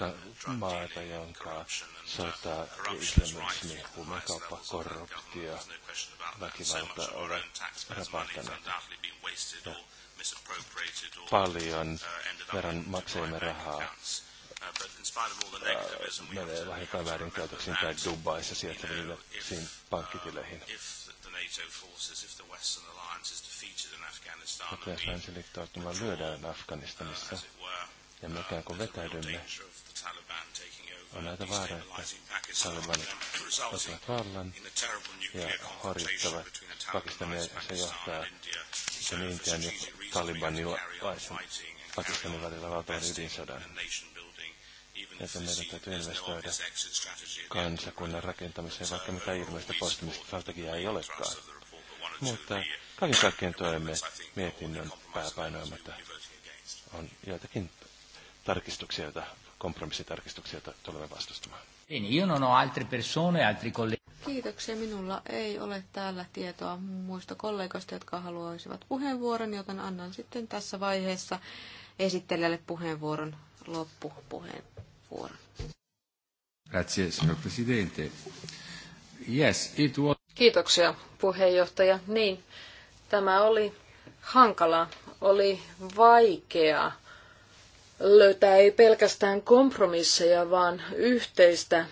koska maata, jonka sota, islamismi, huumekauppa, korruptio, väkivalta ovat rapahtaneet. Paljon maksajamme rahaa äh, menee vähintään väärinkäytöksiin tai Dubaissa sieltäviin pankkitileihin. Mutta jos länsiliittoutuma lyödään Afganistanissa, ja me ikään kuin vetäydymme, on näitä vaaroja, että talibanit ottavat vallan ja horjuttavat Pakistania ja se johtaa sen Intian ja talibanilaisen Pakistanin välillä valtavan ydinsodan. Joten meidän täytyy investoida kansakunnan rakentamiseen, vaikka mitä ilmeistä poistumista strategiaa ei olekaan. Mutta kaiken kaikkien toimme mietinnön pääpainoimatta on joitakin tarkistuksia, joita kompromissitarkistuksia joita tulemme vastustamaan. Kiitoksia. Minulla ei ole täällä tietoa muista kollegoista, jotka haluaisivat puheenvuoron, joten annan sitten tässä vaiheessa esittelijälle puheenvuoron loppupuheenvuoron. Grazie, signor Presidente. Yes, it was... Kiitoksia, puheenjohtaja. Niin, tämä oli hankala, oli vaikeaa löytää ei pelkästään kompromisseja, vaan yhteistä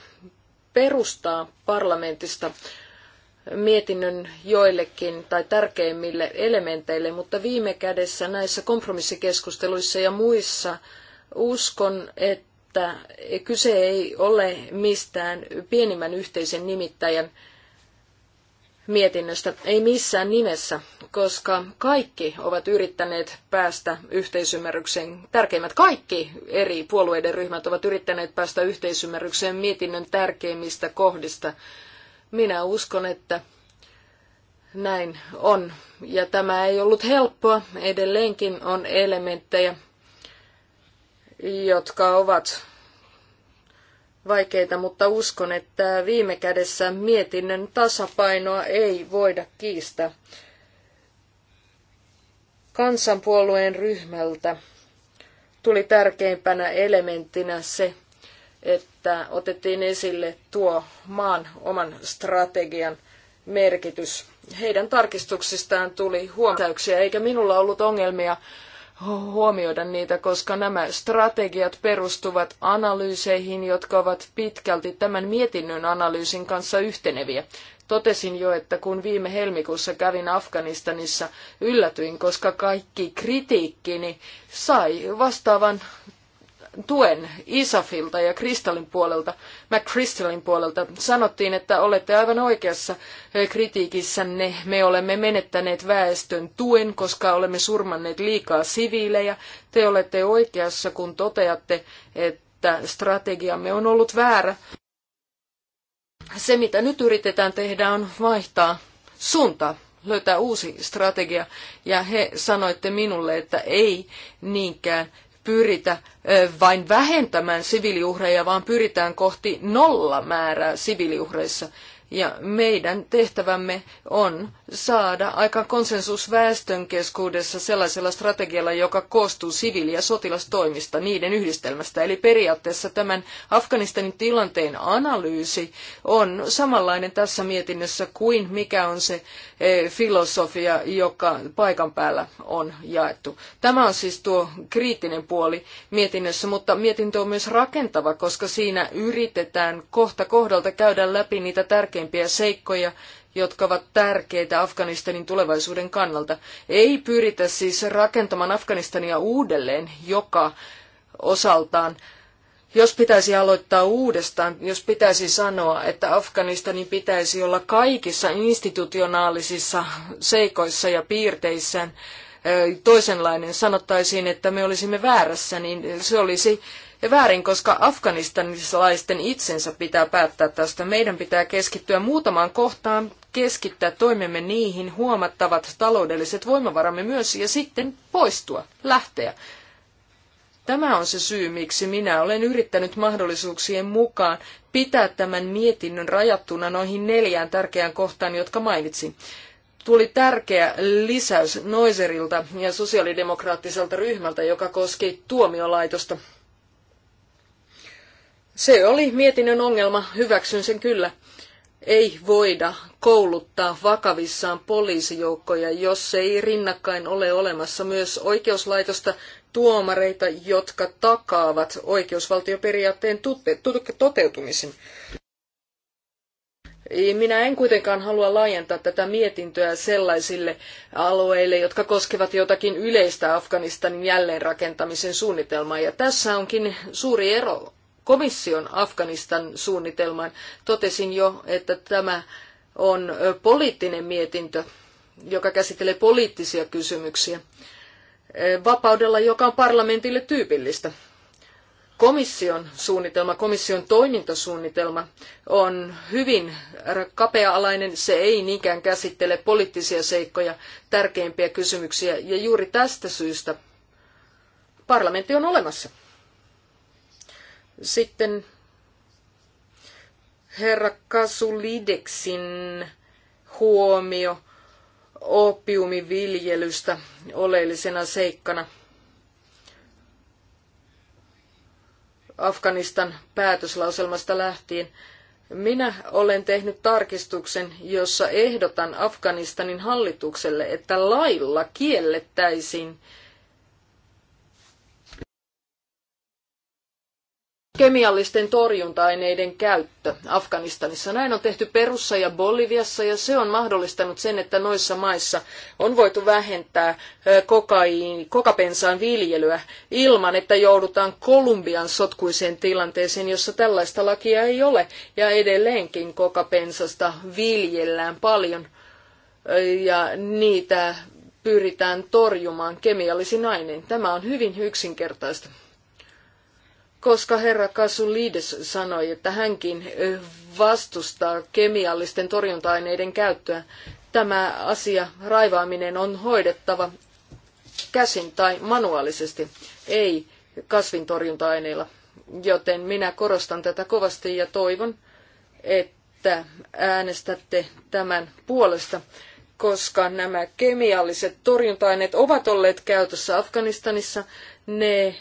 perustaa parlamentista mietinnön joillekin tai tärkeimmille elementeille, mutta viime kädessä näissä kompromissikeskusteluissa ja muissa uskon, että kyse ei ole mistään pienimmän yhteisen nimittäjän mietinnöstä. Ei missään nimessä, koska kaikki ovat yrittäneet päästä yhteisymmärrykseen. Tärkeimmät kaikki eri puolueiden ryhmät ovat yrittäneet päästä yhteisymmärrykseen mietinnön tärkeimmistä kohdista. Minä uskon, että näin on. Ja tämä ei ollut helppoa. Edelleenkin on elementtejä, jotka ovat vaikeita, mutta uskon, että viime kädessä mietinnön tasapainoa ei voida kiistää. Kansanpuolueen ryhmältä tuli tärkeimpänä elementtinä se, että otettiin esille tuo maan oman strategian merkitys. Heidän tarkistuksistaan tuli huomautuksia, eikä minulla ollut ongelmia huomioida niitä, koska nämä strategiat perustuvat analyyseihin, jotka ovat pitkälti tämän mietinnön analyysin kanssa yhteneviä. Totesin jo, että kun viime helmikuussa kävin Afganistanissa, yllätyin, koska kaikki kritiikkini sai vastaavan tuen ISAFilta ja Kristallin puolelta, McChrystalin puolelta. Sanottiin, että olette aivan oikeassa eh, kritiikissänne. Me olemme menettäneet väestön tuen, koska olemme surmanneet liikaa siviilejä. Te olette oikeassa, kun toteatte, että strategiamme on ollut väärä. Se, mitä nyt yritetään tehdä, on vaihtaa suuntaa löytää uusi strategia. Ja he sanoitte minulle, että ei niinkään pyritä vain vähentämään siviiliuhreja, vaan pyritään kohti nollamäärää siviiliuhreissa. Ja meidän tehtävämme on saada aikaan konsensus väestön keskuudessa sellaisella strategialla, joka koostuu siviili- ja sotilastoimista, niiden yhdistelmästä. Eli periaatteessa tämän Afganistanin tilanteen analyysi on samanlainen tässä mietinnössä kuin mikä on se eh, filosofia, joka paikan päällä on jaettu. Tämä on siis tuo kriittinen puoli mietinnössä, mutta mietintö on myös rakentava, koska siinä yritetään kohta kohdalta käydä läpi niitä tärkeimpiä seikkoja, jotka ovat tärkeitä Afganistanin tulevaisuuden kannalta. Ei pyritä siis rakentamaan Afganistania uudelleen, joka osaltaan jos pitäisi aloittaa uudestaan, jos pitäisi sanoa, että Afganistanin pitäisi olla kaikissa institutionaalisissa seikoissa ja piirteissään toisenlainen, sanottaisiin, että me olisimme väärässä, niin se olisi ja väärin, koska afganistanilaisten itsensä pitää päättää tästä. Meidän pitää keskittyä muutamaan kohtaan, keskittää toimemme niihin, huomattavat taloudelliset voimavaramme myös ja sitten poistua, lähteä. Tämä on se syy, miksi minä olen yrittänyt mahdollisuuksien mukaan pitää tämän mietinnön rajattuna noihin neljään tärkeään kohtaan, jotka mainitsin tuli tärkeä lisäys Noiserilta ja sosiaalidemokraattiselta ryhmältä, joka koski tuomiolaitosta. Se oli mietinnön ongelma, hyväksyn sen kyllä. Ei voida kouluttaa vakavissaan poliisijoukkoja, jos ei rinnakkain ole olemassa myös oikeuslaitosta tuomareita, jotka takaavat oikeusvaltioperiaatteen toteutumisen. Minä en kuitenkaan halua laajentaa tätä mietintöä sellaisille alueille, jotka koskevat jotakin yleistä Afganistanin jälleenrakentamisen suunnitelmaa. Ja tässä onkin suuri ero komission Afganistan-suunnitelmaan. Totesin jo, että tämä on poliittinen mietintö, joka käsittelee poliittisia kysymyksiä vapaudella, joka on parlamentille tyypillistä. Komission suunnitelma, komission toimintasuunnitelma on hyvin kapea-alainen. Se ei niinkään käsittele poliittisia seikkoja, tärkeimpiä kysymyksiä. Ja juuri tästä syystä parlamentti on olemassa. Sitten herra Kasulideksin huomio opiumiviljelystä oleellisena seikkana. Afganistan päätöslauselmasta lähtien. Minä olen tehnyt tarkistuksen, jossa ehdotan Afganistanin hallitukselle, että lailla kiellettäisiin kemiallisten torjunta-aineiden käyttö Afganistanissa. Näin on tehty Perussa ja Boliviassa ja se on mahdollistanut sen, että noissa maissa on voitu vähentää kokaiin, kokapensaan viljelyä ilman, että joudutaan Kolumbian sotkuiseen tilanteeseen, jossa tällaista lakia ei ole ja edelleenkin kokapensasta viljellään paljon ja niitä pyritään torjumaan kemiallisin aineen. Tämä on hyvin yksinkertaista koska herra Kasulides sanoi, että hänkin vastustaa kemiallisten torjunta-aineiden käyttöä. Tämä asia, raivaaminen, on hoidettava käsin tai manuaalisesti, ei kasvintorjunta-aineilla. Joten minä korostan tätä kovasti ja toivon, että äänestätte tämän puolesta, koska nämä kemialliset torjunta-aineet ovat olleet käytössä Afganistanissa. Ne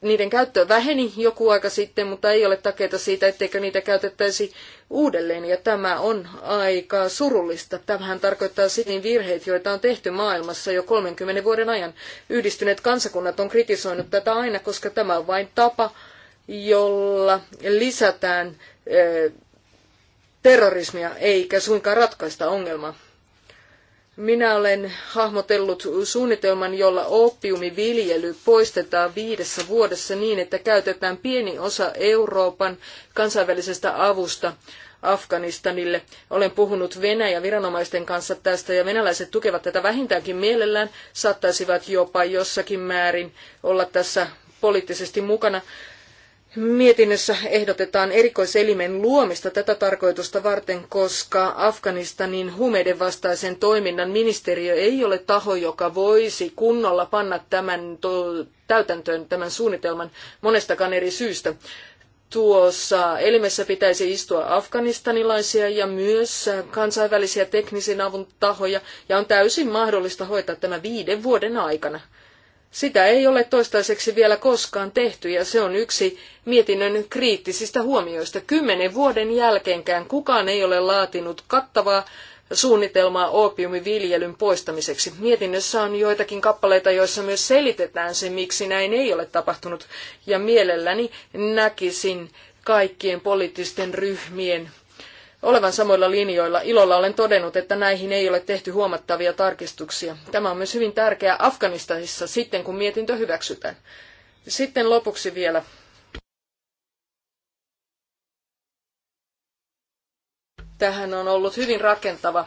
niiden käyttö väheni joku aika sitten, mutta ei ole takeita siitä, etteikö niitä käytettäisi uudelleen. Ja tämä on aika surullista. Tämähän tarkoittaa sitten siis virheet, joita on tehty maailmassa jo 30 vuoden ajan. Yhdistyneet kansakunnat on kritisoinut tätä aina, koska tämä on vain tapa, jolla lisätään eh, terrorismia eikä suinkaan ratkaista ongelmaa. Minä olen hahmotellut suunnitelman, jolla oppiumiviljely poistetaan viidessä vuodessa niin, että käytetään pieni osa Euroopan kansainvälisestä avusta Afganistanille. Olen puhunut Venäjän viranomaisten kanssa tästä ja venäläiset tukevat tätä vähintäänkin mielellään, saattaisivat jopa jossakin määrin olla tässä poliittisesti mukana. Mietinnössä ehdotetaan erikoiselimen luomista tätä tarkoitusta varten, koska Afganistanin humeiden vastaisen toiminnan ministeriö ei ole taho, joka voisi kunnolla panna tämän täytäntöön tämän suunnitelman monestakaan eri syystä. Tuossa elimessä pitäisi istua afganistanilaisia ja myös kansainvälisiä teknisen avun tahoja, ja on täysin mahdollista hoitaa tämä viiden vuoden aikana. Sitä ei ole toistaiseksi vielä koskaan tehty ja se on yksi mietinnön kriittisistä huomioista. Kymmenen vuoden jälkeenkään kukaan ei ole laatinut kattavaa suunnitelmaa oopiumiviljelyn poistamiseksi. Mietinnössä on joitakin kappaleita, joissa myös selitetään se, miksi näin ei ole tapahtunut, ja mielelläni näkisin kaikkien poliittisten ryhmien olevan samoilla linjoilla. Ilolla olen todennut, että näihin ei ole tehty huomattavia tarkistuksia. Tämä on myös hyvin tärkeää Afganistanissa sitten, kun mietintö hyväksytään. Sitten lopuksi vielä Tähän on ollut hyvin rakentava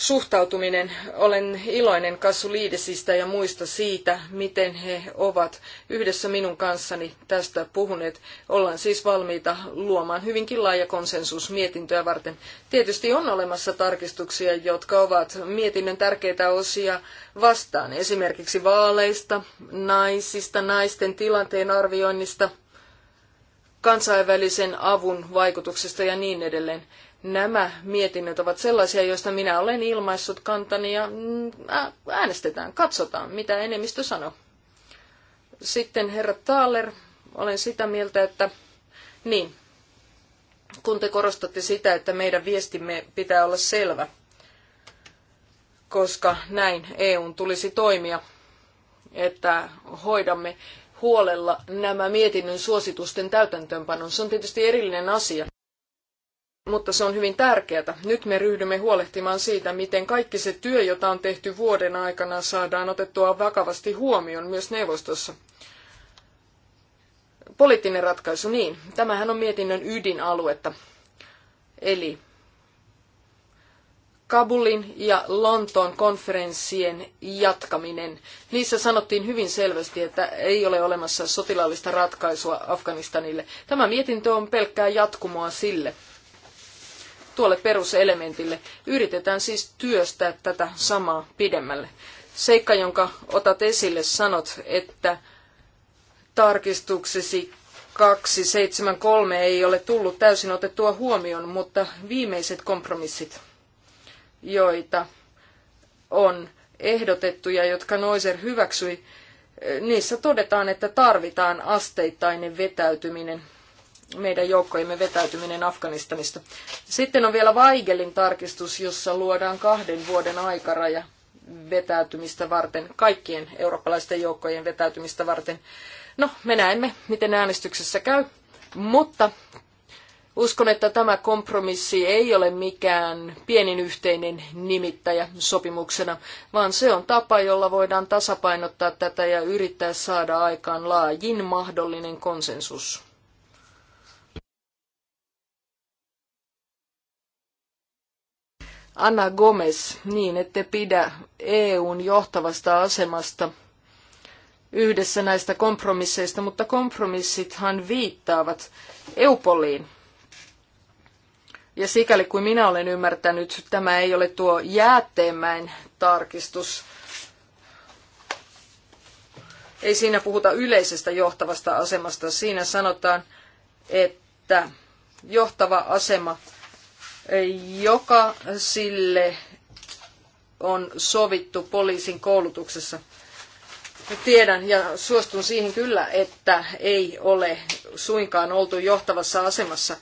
suhtautuminen. Olen iloinen Kassuliidesistä ja muista siitä, miten he ovat yhdessä minun kanssani tästä puhuneet. Ollaan siis valmiita luomaan hyvinkin laaja konsensus mietintöä varten. Tietysti on olemassa tarkistuksia, jotka ovat mietinnön tärkeitä osia vastaan, esimerkiksi vaaleista, naisista, naisten tilanteen arvioinnista, kansainvälisen avun vaikutuksesta ja niin edelleen nämä mietinnöt ovat sellaisia, joista minä olen ilmaissut kantani ja mm, äänestetään, katsotaan, mitä enemmistö sanoo. Sitten herra Taaler, olen sitä mieltä, että niin, kun te korostatte sitä, että meidän viestimme pitää olla selvä, koska näin EUn tulisi toimia, että hoidamme huolella nämä mietinnön suositusten täytäntöönpanon. Se on tietysti erillinen asia, mutta se on hyvin tärkeää. Nyt me ryhdymme huolehtimaan siitä, miten kaikki se työ, jota on tehty vuoden aikana, saadaan otettua vakavasti huomioon myös neuvostossa. Poliittinen ratkaisu, niin. Tämähän on mietinnön ydinaluetta. Eli Kabulin ja Lontoon konferenssien jatkaminen. Niissä sanottiin hyvin selvästi, että ei ole olemassa sotilaallista ratkaisua Afganistanille. Tämä mietintö on pelkkää jatkumoa sille tuolle peruselementille. Yritetään siis työstää tätä samaa pidemmälle. Seikka, jonka otat esille, sanot, että tarkistuksesi 273 ei ole tullut täysin otettua huomioon, mutta viimeiset kompromissit, joita on ehdotettu ja jotka Noiser hyväksyi, niissä todetaan, että tarvitaan asteittainen vetäytyminen meidän joukkojemme vetäytyminen Afganistanista. Sitten on vielä Weigelin tarkistus, jossa luodaan kahden vuoden aikaraja vetäytymistä varten, kaikkien eurooppalaisten joukkojen vetäytymistä varten. No, me näemme, miten äänestyksessä käy, mutta uskon, että tämä kompromissi ei ole mikään pienin yhteinen nimittäjä sopimuksena, vaan se on tapa, jolla voidaan tasapainottaa tätä ja yrittää saada aikaan laajin mahdollinen konsensus. Anna Gomez niin, ette pidä EUn johtavasta asemasta yhdessä näistä kompromisseista, mutta kompromissithan viittaavat Eupoliin. Ja sikäli kuin minä olen ymmärtänyt, tämä ei ole tuo jäätteenmäen tarkistus. Ei siinä puhuta yleisestä johtavasta asemasta. Siinä sanotaan, että johtava asema – joka sille on sovittu poliisin koulutuksessa. Tiedän ja suostun siihen kyllä, että ei ole suinkaan oltu johtavassa asemassa.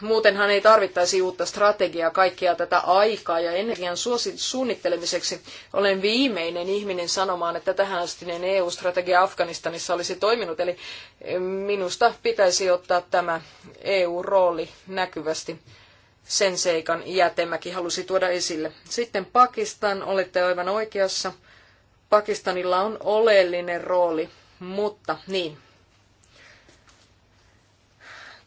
Muutenhan ei tarvittaisi uutta strategiaa, kaikkea tätä aikaa ja energian suunnittelemiseksi. Olen viimeinen ihminen sanomaan, että tähänastinen EU-strategia Afganistanissa olisi toiminut. Eli eh, minusta pitäisi ottaa tämä EU-rooli näkyvästi sen seikan jätemäki halusi tuoda esille. Sitten Pakistan, olette aivan oikeassa. Pakistanilla on oleellinen rooli, mutta niin.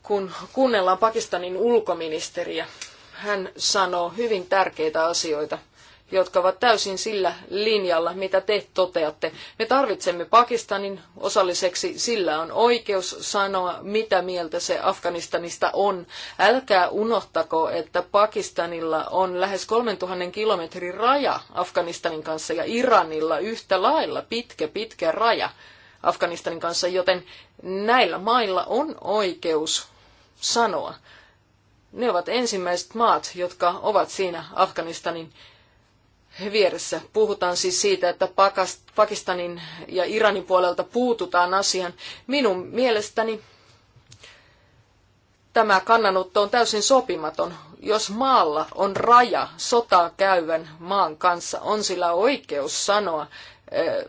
Kun kuunnellaan Pakistanin ulkoministeriä, hän sanoo hyvin tärkeitä asioita – jotka ovat täysin sillä linjalla, mitä te toteatte. Me tarvitsemme Pakistanin osalliseksi, sillä on oikeus sanoa, mitä mieltä se Afganistanista on. Älkää unohtako, että Pakistanilla on lähes 3000 kilometrin raja Afganistanin kanssa ja Iranilla yhtä lailla pitkä, pitkä raja Afganistanin kanssa, joten näillä mailla on oikeus sanoa. Ne ovat ensimmäiset maat, jotka ovat siinä Afganistanin vieressä. Puhutaan siis siitä, että Pakistanin ja Iranin puolelta puututaan asiaan. Minun mielestäni tämä kannanotto on täysin sopimaton. Jos maalla on raja sotaa käyvän maan kanssa, on sillä oikeus sanoa,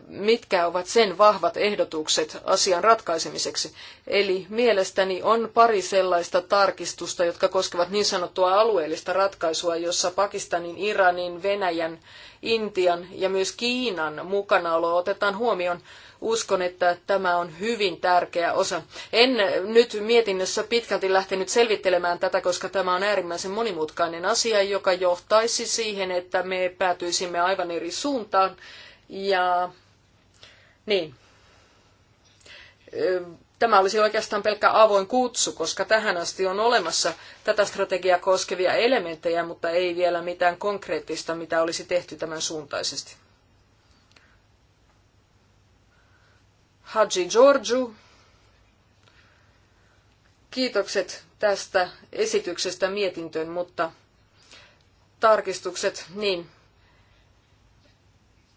mitkä ovat sen vahvat ehdotukset asian ratkaisemiseksi. Eli mielestäni on pari sellaista tarkistusta, jotka koskevat niin sanottua alueellista ratkaisua, jossa Pakistanin, Iranin, Venäjän, Intian ja myös Kiinan mukanaolo otetaan huomioon. Uskon, että tämä on hyvin tärkeä osa. En nyt mietinnössä pitkälti lähtenyt selvittelemään tätä, koska tämä on äärimmäisen monimutkainen asia, joka johtaisi siihen, että me päätyisimme aivan eri suuntaan ja niin. Tämä olisi oikeastaan pelkkä avoin kutsu, koska tähän asti on olemassa tätä strategiaa koskevia elementtejä, mutta ei vielä mitään konkreettista, mitä olisi tehty tämän suuntaisesti. Haji Georgiou, kiitokset tästä esityksestä mietintöön, mutta tarkistukset, niin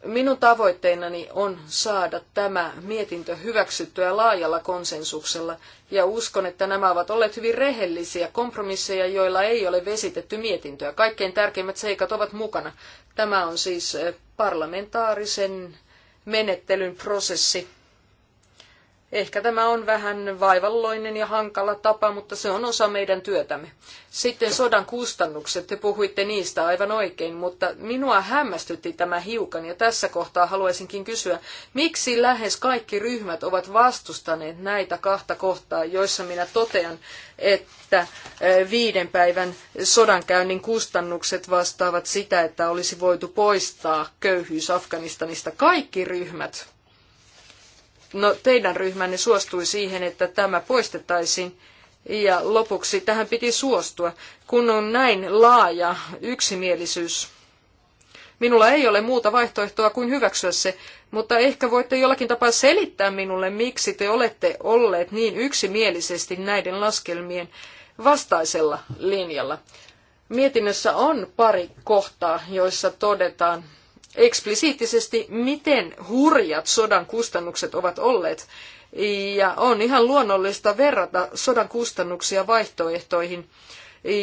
Minun tavoitteenani on saada tämä mietintö hyväksyttyä laajalla konsensuksella, ja uskon, että nämä ovat olleet hyvin rehellisiä kompromisseja, joilla ei ole vesitetty mietintöä. Kaikkein tärkeimmät seikat ovat mukana. Tämä on siis eh, parlamentaarisen menettelyn prosessi Ehkä tämä on vähän vaivalloinen ja hankala tapa, mutta se on osa meidän työtämme. Sitten sodan kustannukset, te puhuitte niistä aivan oikein, mutta minua hämmästytti tämä hiukan ja tässä kohtaa haluaisinkin kysyä, miksi lähes kaikki ryhmät ovat vastustaneet näitä kahta kohtaa, joissa minä totean, että viiden päivän sodankäynnin kustannukset vastaavat sitä, että olisi voitu poistaa köyhyys Afganistanista. Kaikki ryhmät No teidän ryhmänne suostui siihen, että tämä poistettaisiin. Ja lopuksi tähän piti suostua, kun on näin laaja yksimielisyys. Minulla ei ole muuta vaihtoehtoa kuin hyväksyä se, mutta ehkä voitte jollakin tapaa selittää minulle, miksi te olette olleet niin yksimielisesti näiden laskelmien vastaisella linjalla. Mietinnössä on pari kohtaa, joissa todetaan, eksplisiittisesti, miten hurjat sodan kustannukset ovat olleet. Ja on ihan luonnollista verrata sodan kustannuksia vaihtoehtoihin,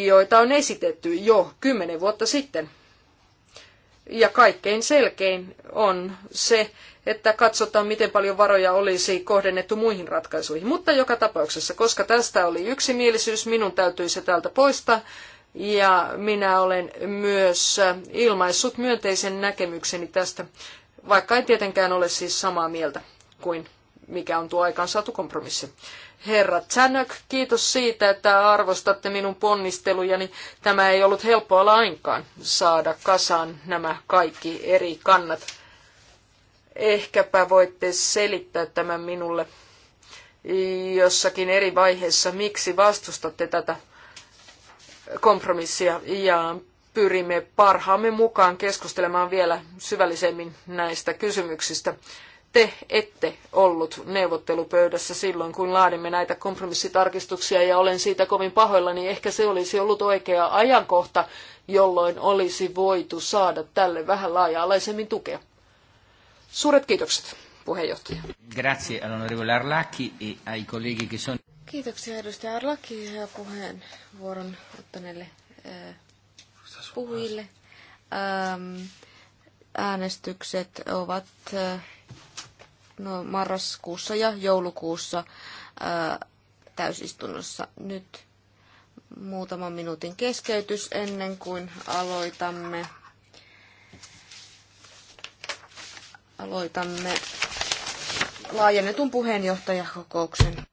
joita on esitetty jo kymmenen vuotta sitten. Ja kaikkein selkein on se, että katsotaan, miten paljon varoja olisi kohdennettu muihin ratkaisuihin. Mutta joka tapauksessa, koska tästä oli yksimielisyys, minun täytyi se täältä poistaa ja minä olen myös ilmaissut myönteisen näkemykseni tästä, vaikka en tietenkään ole siis samaa mieltä kuin mikä on tuo saatu kompromissi. Herra Chanök, kiitos siitä, että arvostatte minun ponnistelujani. Tämä ei ollut helppoa lainkaan saada kasaan nämä kaikki eri kannat. Ehkäpä voitte selittää tämän minulle jossakin eri vaiheessa, miksi vastustatte tätä kompromissia ja pyrimme parhaamme mukaan keskustelemaan vielä syvällisemmin näistä kysymyksistä. Te ette ollut neuvottelupöydässä silloin, kun laadimme näitä kompromissitarkistuksia ja olen siitä kovin pahoillani. Ehkä se olisi ollut oikea ajankohta, jolloin olisi voitu saada tälle vähän laaja-alaisemmin tukea. Suuret kiitokset, puheenjohtaja. Grazie all'onorevole Arlacchi e ai colleghi che sono... Kiitoksia edustaja Arlaki ja puheenvuoron ottaneille ää, puhujille. Ähm, äänestykset ovat ää, no, marraskuussa ja joulukuussa ää, täysistunnossa nyt muutaman minuutin keskeytys ennen kuin aloitamme. Aloitamme laajennetun puheenjohtajakokouksen.